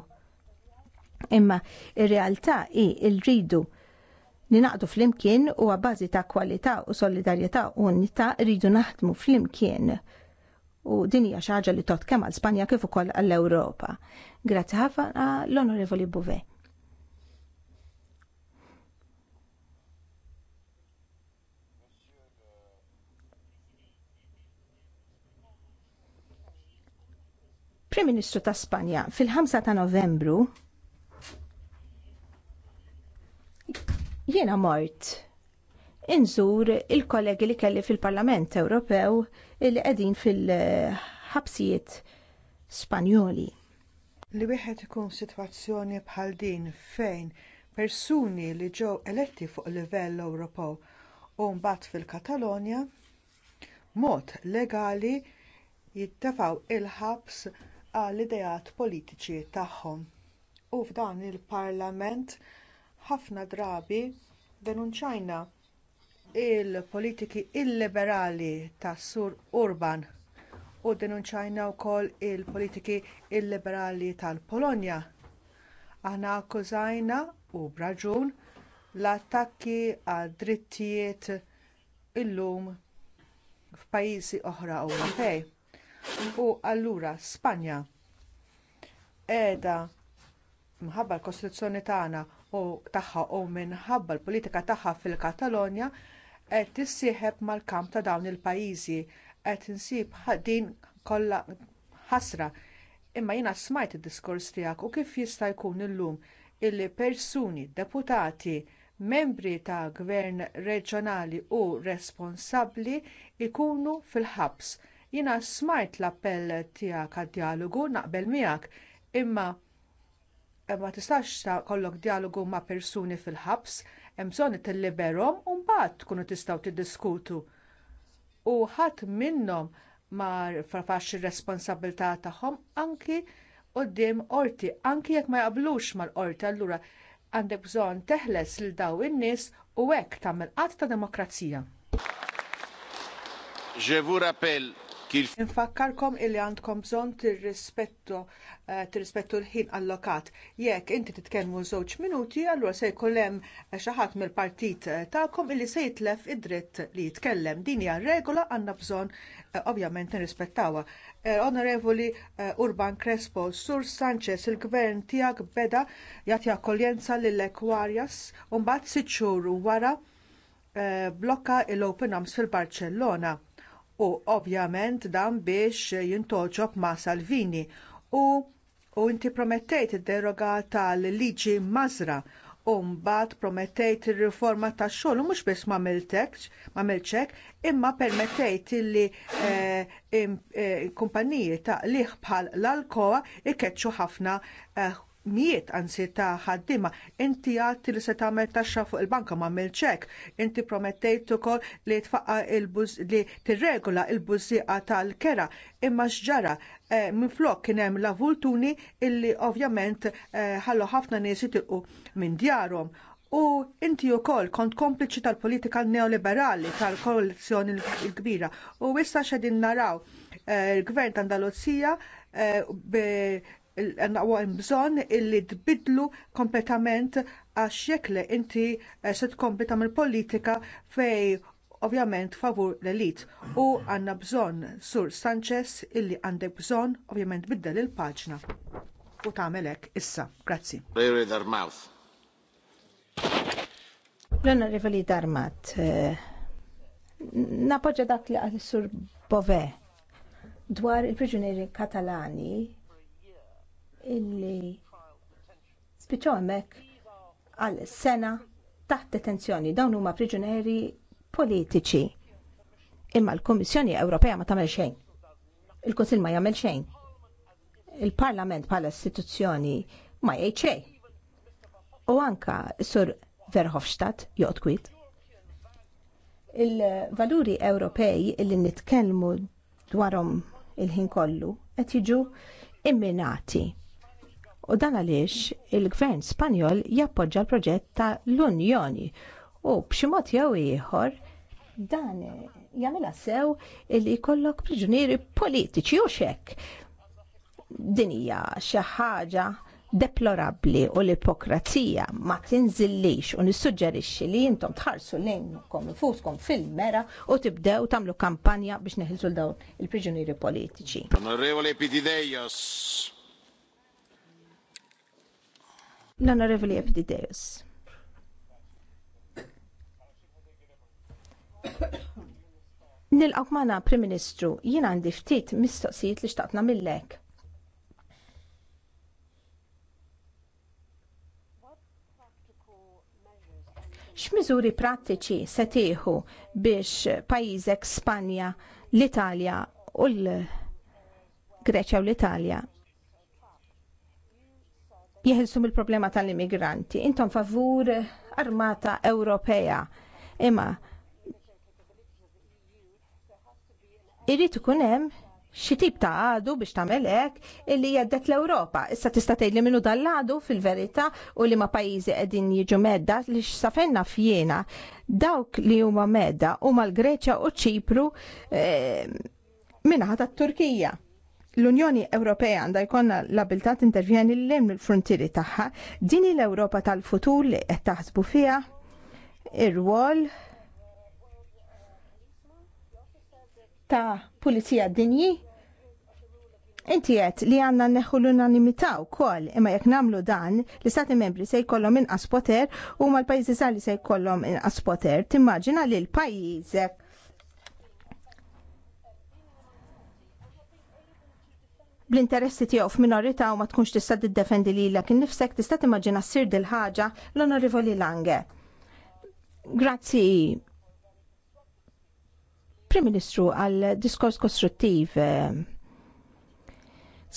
Imma ir-realtà hi rridu li naqdu flimkien u għabazi ta' kwalità u solidarjetà u unità rridu naħdmu flimkien. U din hija xi ħaġa li tot kemm għal Spanja kif ukoll għall-Ewropa. Grazzi ħafna l-Onorevoli Bouvet. Prim Ministru ta' Spanja fil-5 ta' Novembru jiena mort inżur il-kollegi li kelli fil-Parlament Ewropew li qegħdin fil-ħabsijiet Spanjoli. Li wieħed ikun sitwazzjoni bħal din fejn persuni li ġew eletti fuq livell Ewropew u mbagħad fil-Katalonja mod legali jittefgħu il-ħabs għall-ideat politiċi tagħhom u f'dan il-parlament ħafna drabi denunċajna il-politiki illiberali tas-sur Urban u denunċajna wkoll il-politiki illiberali tal-Polonja. Aħna akkużajna u b'raġun l-attakki għad drittijiet illum f'pajjiżi oħra Ewropej. U allura Spanja qiegħda minħabba l-Kostituzzjoni tagħna u tagħha u minħabba l-politika tagħha fil-Katalonja qed tissieħeb mal-kamp ta' dawn il-pajjiżi qed insib din kollha ħasra. Imma jiena smajt id-diskors tiegħek u kif jista' jkun illum illi persuni, deputati, membri ta' gvern reġjonali u responsabbli jkunu fil-ħabs Jiena smajt l-appell tiegħek għad-dialogu naqbel miegħek imma ma tistax kollok dialogu ma' persuni fil-ħabs, hemm bżonn tilliberhom u mbagħad tkunu tistgħu tiddiskutu. U ħadd minnhom ma farfax ir-responsabilità tagħhom anki quddiem qorti, anki jekk ma jaqblux mal-qorti, allura għandek bżonn teħles lil dawn in-nies u hekk tagħmel qatt ta' demokrazija. Je vous rappelle Infakkarkom illi għandkom bżonn tirrispettu eh, tirrispettu l-ħin allokat. Jekk inti titkellmu żewġ minuti, allura se jkun hemm xi ħadd mill-partit eh, tagħkom illi se jitlef id-dritt li jitkellem. Din hija regola għandna bżonn eh, ovvjament nirrispettawha. Onorevoli Urban Crespo, Sur Sanchez, il-gvern tiegħek beda jagħti akkoljenza l-Equarias, u mbagħad siċur wara blokka l-Open Arms fil barcellona u ovvjament dan biex jintoġob ma' Salvini u u inti promettejt id-deroga tal-liġi mażra u mbagħad promettejt ir-riforma tax-xogħol u mhux biss m'għamilx hekk imma permettejt li eh, eh, kumpaniji ta' liħ bħal l-alkoa ikkeċċu ħafna eh, mijiet anzi ta' ħaddiema, inti għadti li se tagħmel taxxa fuq il-banka ma' hekk. inti promettejt ukoll li tfaqqa li tirregola l bużieqa tal-kera imma xġara eh, minflok kien hemm l illi ovvjament eh, ħallu ħafna nies jitilqu minn djarhom. U inti wkoll kont kompliċi tal-politika neoliberali tal-koalizjoni l-kbira u issa xedin naraw eh, il-gvern ta' Andaluzija hemm bżonn illi tbidlu kompletament għax jekk le inti eh, se tkompli tagħmel politika fejn ovvjament favur l-elit u għandna bżonn sur Sanchez illi għandek bżonn ovvjament biddel il-paġna u tagħmel hekk issa. Grazzi. L-onorevoli Darmat, eh, napoġġa dak li għal sur Bove dwar il-priġunieri katalani illi spiċċaw hemmhekk għal sena taħt detenzjoni dawn huma priġunieri politiċi. Imma l-Kummissjoni Ewropea ma tagħmel xejn. Il-Kunsill ma jagħmel xejn. Il-Parlament bħala istituzzjoni ma jgħid xejn. U anka sur Verhofstadt joqgħod Il-valuri Ewropej li nitkellmu dwarhom il-ħin kollu qed jiġu imminati U dan għaliex il-gvern Spanjol jappoġġa l-proġett ta' l-Unjoni u b'xi mod jew ieħor dan jagħmilha sew li jkollok priġunieri politiċi u xekk. Din hija xi ħaġa deplorabbli u l-ipokrazija ma tinżillix u nissuġġerixxi li jintom tħarsu lejnkom infuskom fil-mera u tibdew tagħmlu kampanja biex neħilsu dawn il-priġunieri politiċi. Onorevole Pitidejos. L-Onorevoli nil Nilqawk maħna Prim Ministru, jien għandi ftit mistoqsijiet li xtaqtna millek. X'miżuri prattiċi se tieħu biex pajjiżek Spanja, l-Italja u l-Greċja u l-Italja jeħilsu mill-problema tal-immigranti. Intom favur armata Ewropea. Imma irrit ikun hemm xi tip ta' għadu biex tagħmel hekk illi jaddet l-Ewropa. Issa tista' tgħidli minu dal għadu fil-verità u li ma' pajjiżi qegħdin jiġu medda li x'safenna fjena dawk li huma medda huma l-Greċja u ċipru eh, minnaħa tat-Turkija l-Unjoni Ewropea għandha jkollna l-abilità tintervjeni l-lem mill-frontieri tagħha, din l-Ewropa tal-futur li qed taħsbu fiha ir-rwol ta' pulizija dinji Inti qed li għandna neħu l-unanimità wkoll imma jekk nagħmlu dan l-istati membri se jkollhom inqas poter u mal-pajjiżi sali se jkollhom inqas poter. Timmaġina li l-pajjiżek bl-interessi tiegħu f'minorità u ma tkunx tista' tiddefendi lilek innifsek tista' timmaġina ssir dil ħaġa l-Onorevoli Lange. Grazzi Prim Ministru għal diskors kostruttiv.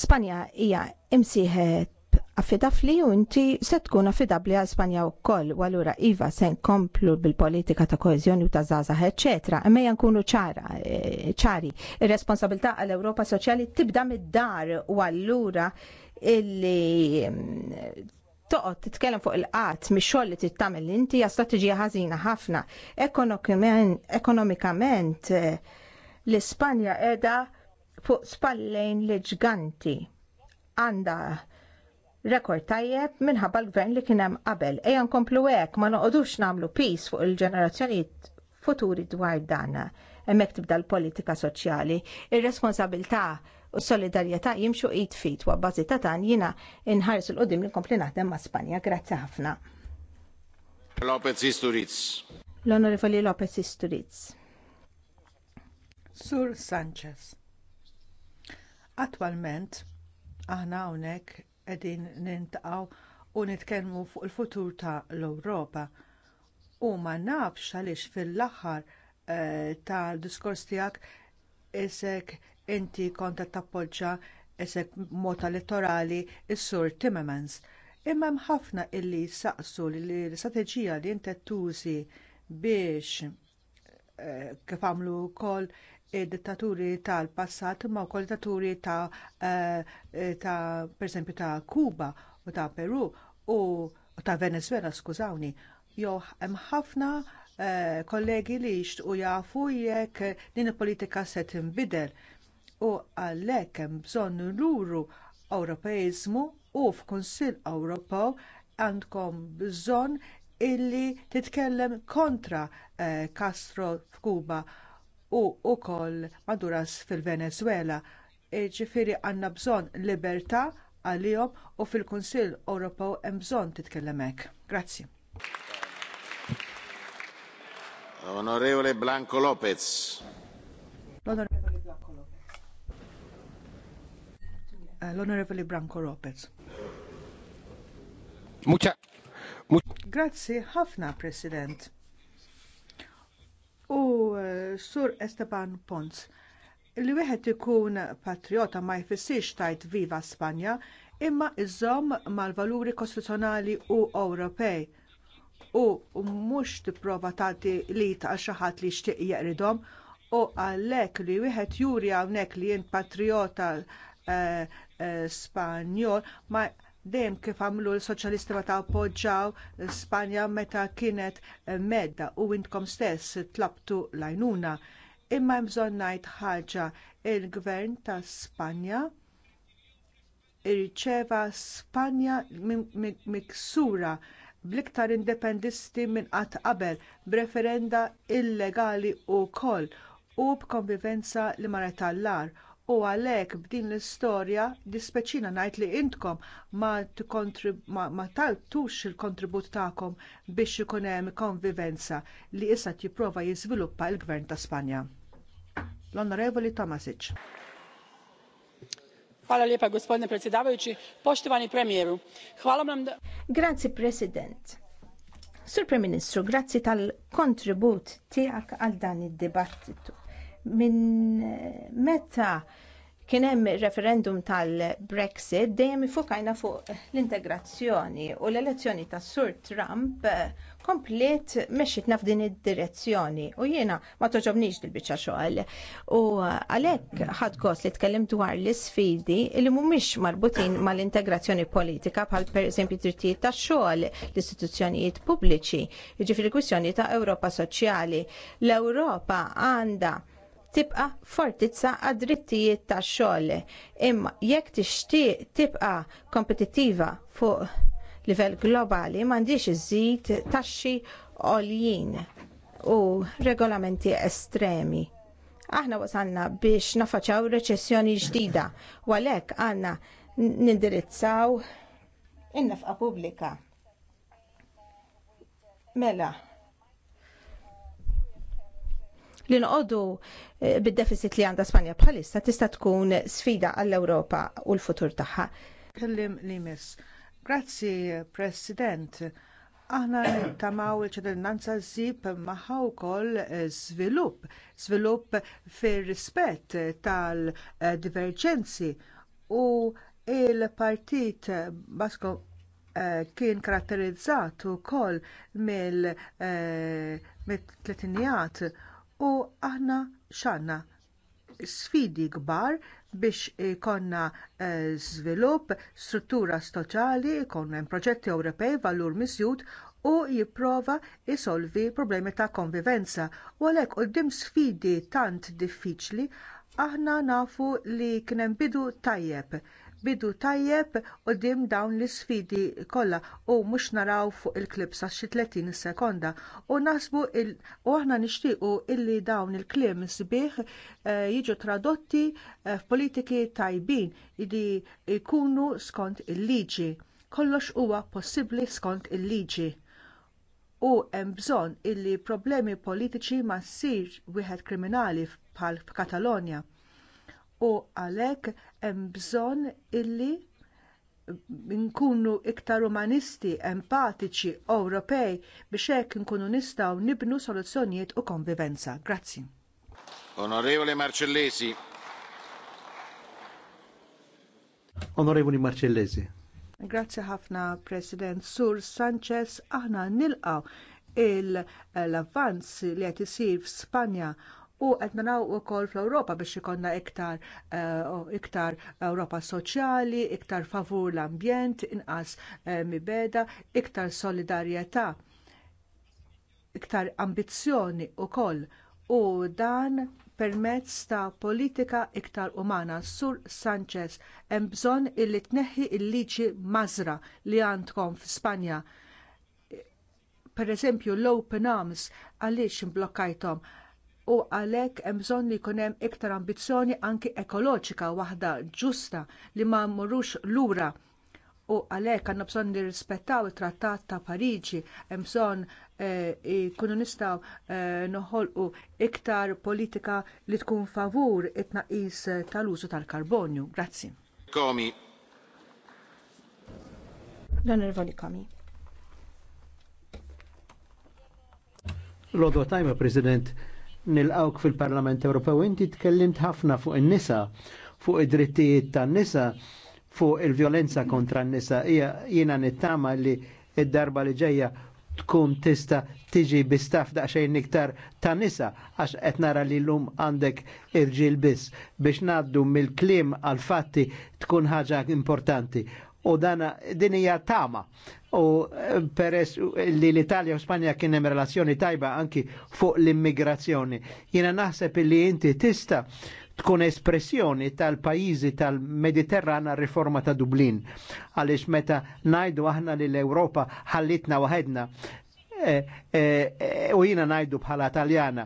Spanja hija imsieħet affidafli u inti se tkun affidabli għal Spanja u koll. U Iva se nkomplu bil-politika ta' koezjoni u ta' zaza, ecc. Imma nkunu ċara, eh, ċari. Ir-responsabilità għall europa Soċjali tibda mid-dar u allura illi mm, toqgħod titkellem fuq il-qatt mix-xogħol li tittamel inti hija strateġija ħażina ħafna. Ekonomikament eh, l-Ispanja qiegħda fuq spallejn li ġganti għandha rekord tajjeb minħabba l-gvern li kien hemm qabel. Ejja nkomplu hekk ma noqogħdux nagħmlu pis fuq il-ġenerazzjonijiet futuri dwar dan. Hemmhekk tibda l-politika soċjali, ir-responsabilità u s-solidarjetà jimxu id fit wa bażi ta' tan jiena inħares il qudiem li nkompli naħdem ma' Spanja. Grazzi ħafna. Lopez Isturiz. L-Onorevoli Lopez Isturiz. Sur Sanchez. Attualment, aħna hawnhekk qegħdin nintaqgħu u nitkellmu fuq il-futur ta' l-Ewropa. U ma nafx għaliex fil-aħħar eh, tad diskors tiegħek isek inti kont qed tappoġġja isek mod elettorali is-sur Timmermans. Imma hemm ħafna illi saqsu li l-istrateġija li inti tużi biex eh, kif għamlu wkoll id-dittaturi tal-passat imma wkoll dittaturi ta', eh, ta pereżempju ta' Kuba u ta' Peru u ta' Venezuela skużawni jew hemm ħafna eh, kollegi li jixtqu jafu jekk din il-politika se tinbidel u għalhekk hemm bżonn luru Ewropeiżmu u f'Kunsill Ewropew għandkom bżonn illi titkellem kontra eh, Castro f'Kuba u wkoll Maduras fil-Venezuela. Ġifieri għandna bżonn libertà għalihom u fil-Kunsill Ewropew hemm bżonn titkellem hekk. Grazzi. Onorevole Blanco Lopez. L'onorevole Blanco Lopez. Eh, l'onorevole Blanco Lopez. Mucha. Mucha. Grazie ħafna, President. Eh, Sur Esteban Pons. Li wieħed ikun patriota ma jfissirx tajt viva Spanja, imma iżom mal-valuri kostituzzjonali u Ewropej u mhux tipprova tagħti lit għal xi ħadd li jixtieq jeqridhom u għalhekk li wieħed juri hawnhekk li jien patriota eh, eh, Spanjol ma dejjem kif għamlu l-soċjalisti meta appoġġjaw Spanja meta kienet medda u intkom stess tlabtu l-għajnuna. Imma hemm bżonn ngħid ħaġa il-gvern ta' Spanja irċeva Spanja miksura bl-iktar indipendisti minn qatt qabel b'referenda illegali wkoll u b'konvivenza li mara tal-lar U għalhekk b'din l-istorja dispeċina ngħid li intkom ma, ma, ma taltux il-kontribut tagħkom biex ikun hemm konvivenza li issa jipprova jiżviluppa l gvern ta' Spanja. L-Onorevoli Tomasic. Hvala lijepa gospodine predsjedavajući. Poštovani premijeru, hvala vam da... Grazie president. Sur Prem Ministru, grazzi tal-kontribut tiegħek għal dan id-dibattitu minn meta kien hemm referendum tal-Brexit dejjem ifokajna fuq l-integrazzjoni u l-elezzjoni tas Sur Trump eh, komplet mexxitna f'din id-direzzjoni u jiena ma toġobniex dil-biċċa xogħol. U eh, għalhekk ħadd gost li tkellim dwar l-isfidi li mhumiex marbutin mal-integrazzjoni politika bħal pereżempju drittijiet tax-xogħol, l-istituzzjonijiet pubbliċi, jiġifieri kwistjoni ta' Ewropa Soċjali. L-Ewropa għandha tibqa fortizza għad-drittijiet tax-xogħol. Imma jekk tixtieq tibqa kompetittiva fuq livell globali m'għandix iżid taxxi għoljin u regolamenti estremi aħna wasalna biex nafaċaw reċessjoni ġdida u għalhekk għandna nindirizzaw in-nefqa pubblika. Mela, li nqodu eh, bid-deficit li għandha Spanja bħalissa tista' tkun sfida għall-Ewropa u l-futur tagħha. Kellim Limis. Grazzi, President. Aħna nittamaw il-ċedinanza zib maħħa u koll svilup, svilup fir rispett tal-diverġenzi u il-partit Basko eh, kien karatterizzat ukoll mill-tletinijat eh, u aħna xanna sfidi kbar biex ikonna eh, żvilupp, struttura soċjali, jkollna hemm proġetti Ewropej valur miżjud u jipprova jsolvi problemi ta' konvivenza. U għalhekk quddiem sfidi tant diffiċli aħna nafu li kien hemm bidu tajjeb bidu tajjeb quddiem dawn l isfidi kollha u mhux naraw fuq il-klibs għax xi 30 sekonda u naħsbu u aħna nixtiequ illi dawn il-kliem sbieħ eh, jiġu tradotti eh, f'politiki tajbin li jkunu skont il-liġi. Kollox huwa possibbli skont il-liġi u hemm bżonn illi problemi politiċi ma ssir wieħed kriminali bħal f'Katalonja u għalhekk hemm bżonn illi nkunu iktar umanisti, empatiċi, Ewropej biex hekk nkunu nistgħu nibnu soluzzjonijiet u konvivenza. Grazzi. Onorevole Marcellesi. Onorevoli Marcellesi. Grazzi ħafna President Sur Sanchez aħna nilqaw l avvanz li qed isir f'Spanja u qed naraw ukoll fl-Ewropa biex ikollna iktar uh, iktar Ewropa soċjali, iktar favur l-ambjent, inqas uh, mibeda, iktar solidarjetà, iktar ambizzjoni wkoll u dan permezz ta' politika iktar umana sur Sanchez hemm bżonn illi tneħħi l il liġi mażra li għandkom f'Spanja. Pereżempju l-Open Arms għaliex imblokkajthom u għalhekk hemm bżonn li jkun hemm iktar ambizzjoni anki ekoloġika waħda ġusta li ma mmorrux lura u għalhekk għandna bżonn nirrispettaw it-Trattat ta' Pariġi, hemm bżonn jkunu eh, nistgħu eh, noħolqu iktar politika li tkun favur it-tnaqqis tal-użu tal-karbonju. Grazzi. Komi. Komi. Lodo tajma, President, nilqawk fil-Parlament Ewropew. Inti tkellimt ħafna fuq in-nisa, fuq id-drittijiet tan-nisa, fuq il-vjolenza kontra n-nisa. Jiena nittama li id-darba li ġejja tkun tista tiġi bistaf daqsxejn iktar ta' nisa għax qed nara li llum għandek irġiel biss biex naddu mill kliem għal fatti tkun ħaġa importanti u dana dinija tama u eh, peress li l-Italja u Spanja kienem relazzjoni tajba anki fuq l-immigrazzjoni. Jina naħseb li inti tista tkun espressjoni tal-pajizi tal mediterrana riforma ta' Dublin. Għalix meta najdu aħna li l-Europa ħallitna waħedna Eh, eh, u jina najdu bħala taljana.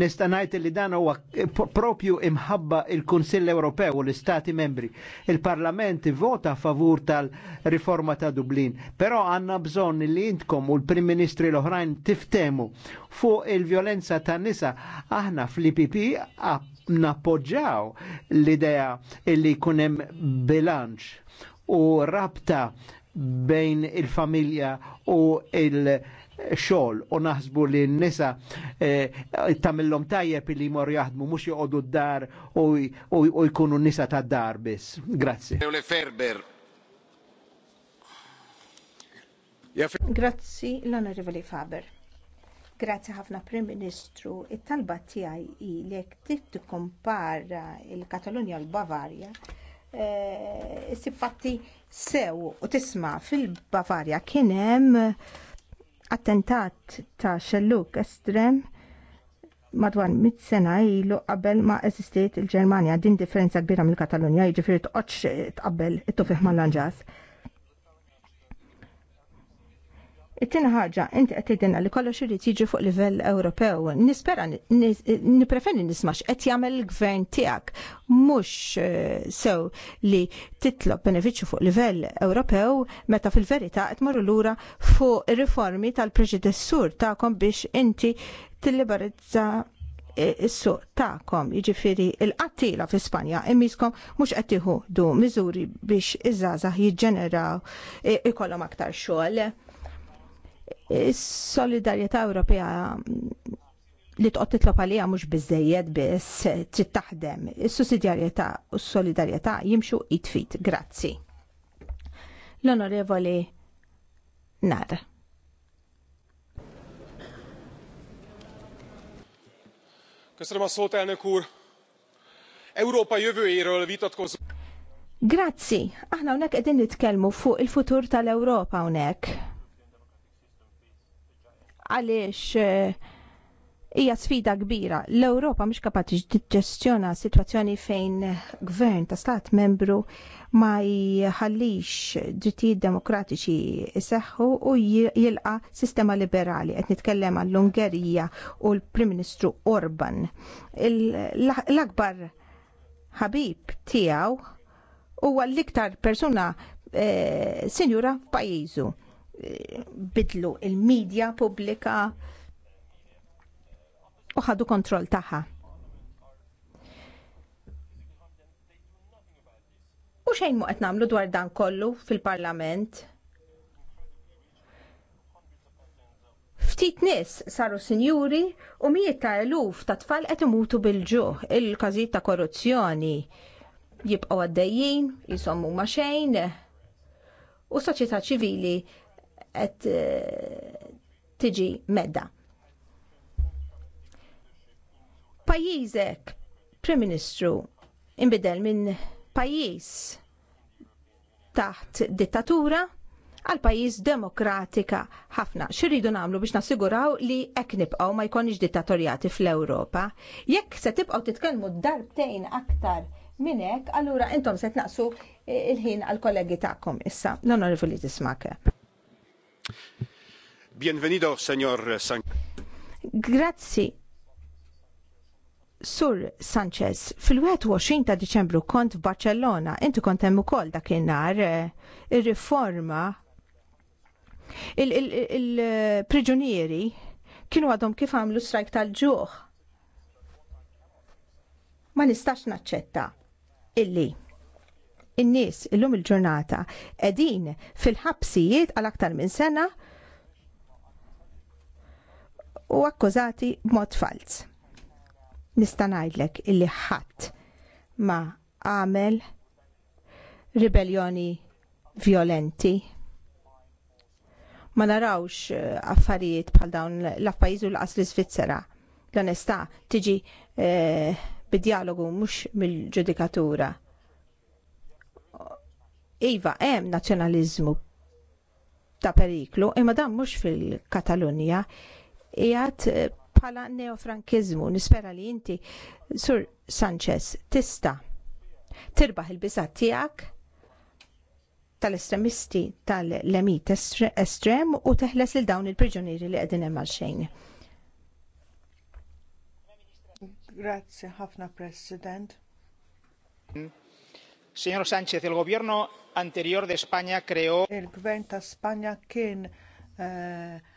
Nista najt li dan huwa propju imħabba il-Kunsill Ewropew u l-Istati membri. Il-Parlament vota favur tal-riforma ta' Dublin, però għanna bżon li intkom u l-Prim Ministri l-oħrajn tiftemu fuq il-violenza ta' nisa. Aħna fl-IPP nappoġġaw l-idea li kunem bilanċ u rabta bejn il-familja u il- xogħol u naħsbu li n-nisa eh, tamillhom tajjeb li mor jaħdmu mhux joqogħdu d-dar u jkunu n-nisa tad-dar biss. Grazzi. Ferber. Grazzi l-Onorevoli Faber. Grazzi ħafna Prim Ministru, it-talba tiegħi hi li jekk tikkompara il-Katalunja l bavarja eh, fatti sew u tisma' fil-Bavarja kien hemm attentat ta' xelluk estrem madwar mit sena ilu qabel ma' eżistiet il-Ġermanja din differenza kbira mill-Katalunja jiġifieri toqgħodx tqabbel it-tufih mal-Anġas. It-tina ħaġa, inti qed tgħidilna li kollox irid jiġi fuq livell Ewropew. Nispera nippreferi nismax qed jagħmel il-gvern tiegħek mhux eh, sew li titlob benefiċċju fuq livell Ewropew meta fil-verità qed marru lura fuq riformi tal-preġedessur tagħkom biex inti tilliberizza eh, is-suq tagħkom, jiġifieri il-qattila fi Spanja immiskom mhux qed du miżuri biex iż-żgħażagħ jiġġeneraw eh, ikollhom aktar xogħol. Is-solidarjetà Ewropea li tqod titlob għalija mhux biżejjed biss trid taħdem. Is-sussidjarjetà u s-solidarjetà jimxu it-fit. Grazzi. L-Onorevoli Nar. Köszönöm a szót, elnök úr! Európa jövőjéről vitatkozunk. Grazzi, aħna hawnhekk qegħdin nitkellmu fuq il-futur tal-Ewropa hawnhekk għaliex eh, hija sfida kbira. L-Ewropa mhux kapaċi tiġġestjona sitwazzjoni fejn gvern ta' stat membru ma jħallix drittijiet demokratiċi seħħu u jilqa sistema liberali. Qed nitkellem għall ungerija u l-Prim Ministru Orban. L-akbar ħabib tiegħu huwa l-iktar persuna eh, sinjura f'pajjiżu bidlu il-medja pubblika u ħadu kontroll tagħha. U xejn mu qed nagħmlu dwar dan kollu fil-Parlament. Ftit nies saru sinjuri u mijiet ta' eluf ta' tfal qed imutu bil-ġuħ il-każijiet ta' korruzzjoni jibqgħu għaddejjin, jisommu ma' xejn u soċjetà ċivili qed eh, tiġi medda. Pajjiżek Prim Ministru inbidel minn pajjiż taħt dittatura għal pajjiż demokratika ħafna. Xirridu namlu biex nassiguraw li hekk nibqgħu ma jkunx dittatorjati fl-Ewropa. Jekk se tibqgħu titkellmu darbtejn aktar minn hekk, allura intom se tnaqsu eh, il-ħin għal kollegi taqkom issa. l li tismake. Bienvenido, senor Sanchez. Grazzi. Sur Sanchez, fil-21 ta' Diċembru kont f'Barcellona, inti kont hemm ukoll dakinhar eh, ir-riforma il-priġunieri eh, kienu għadhom kif għamlu strajk tal-ġuħ. Ma nistax naċċetta illi in-nies illum il-ġurnata qegħdin fil-ħabsijiet għal aktar minn sena u akkużati b'mod fals. Nista' ngħidlek illi ħadd ma għamel ribellioni violenti ma narawx eh, affarijiet bħal dawn l-affajizu l-qasli Svizzera. l onesta tiġi eh, bid-dialogu mhux mill-ġudikatura iva hemm nazzjonaliżmu ta' periklu, imma dan mhux fil-Katalunja jgħat eh, bħala neofrankizmu. Nispera li inti, Sur Sanchez, tista tirbaħ il-bizat tiegħek tal-estremisti tal-lemit estrem u teħles lil dawn il-priġunieri li qegħdin hemm xejn. Grazzi ħafna President. Mm? Signor Sánchez, il governo anterior de España creò. Il-gvern ta' Spagna kien uh, eh,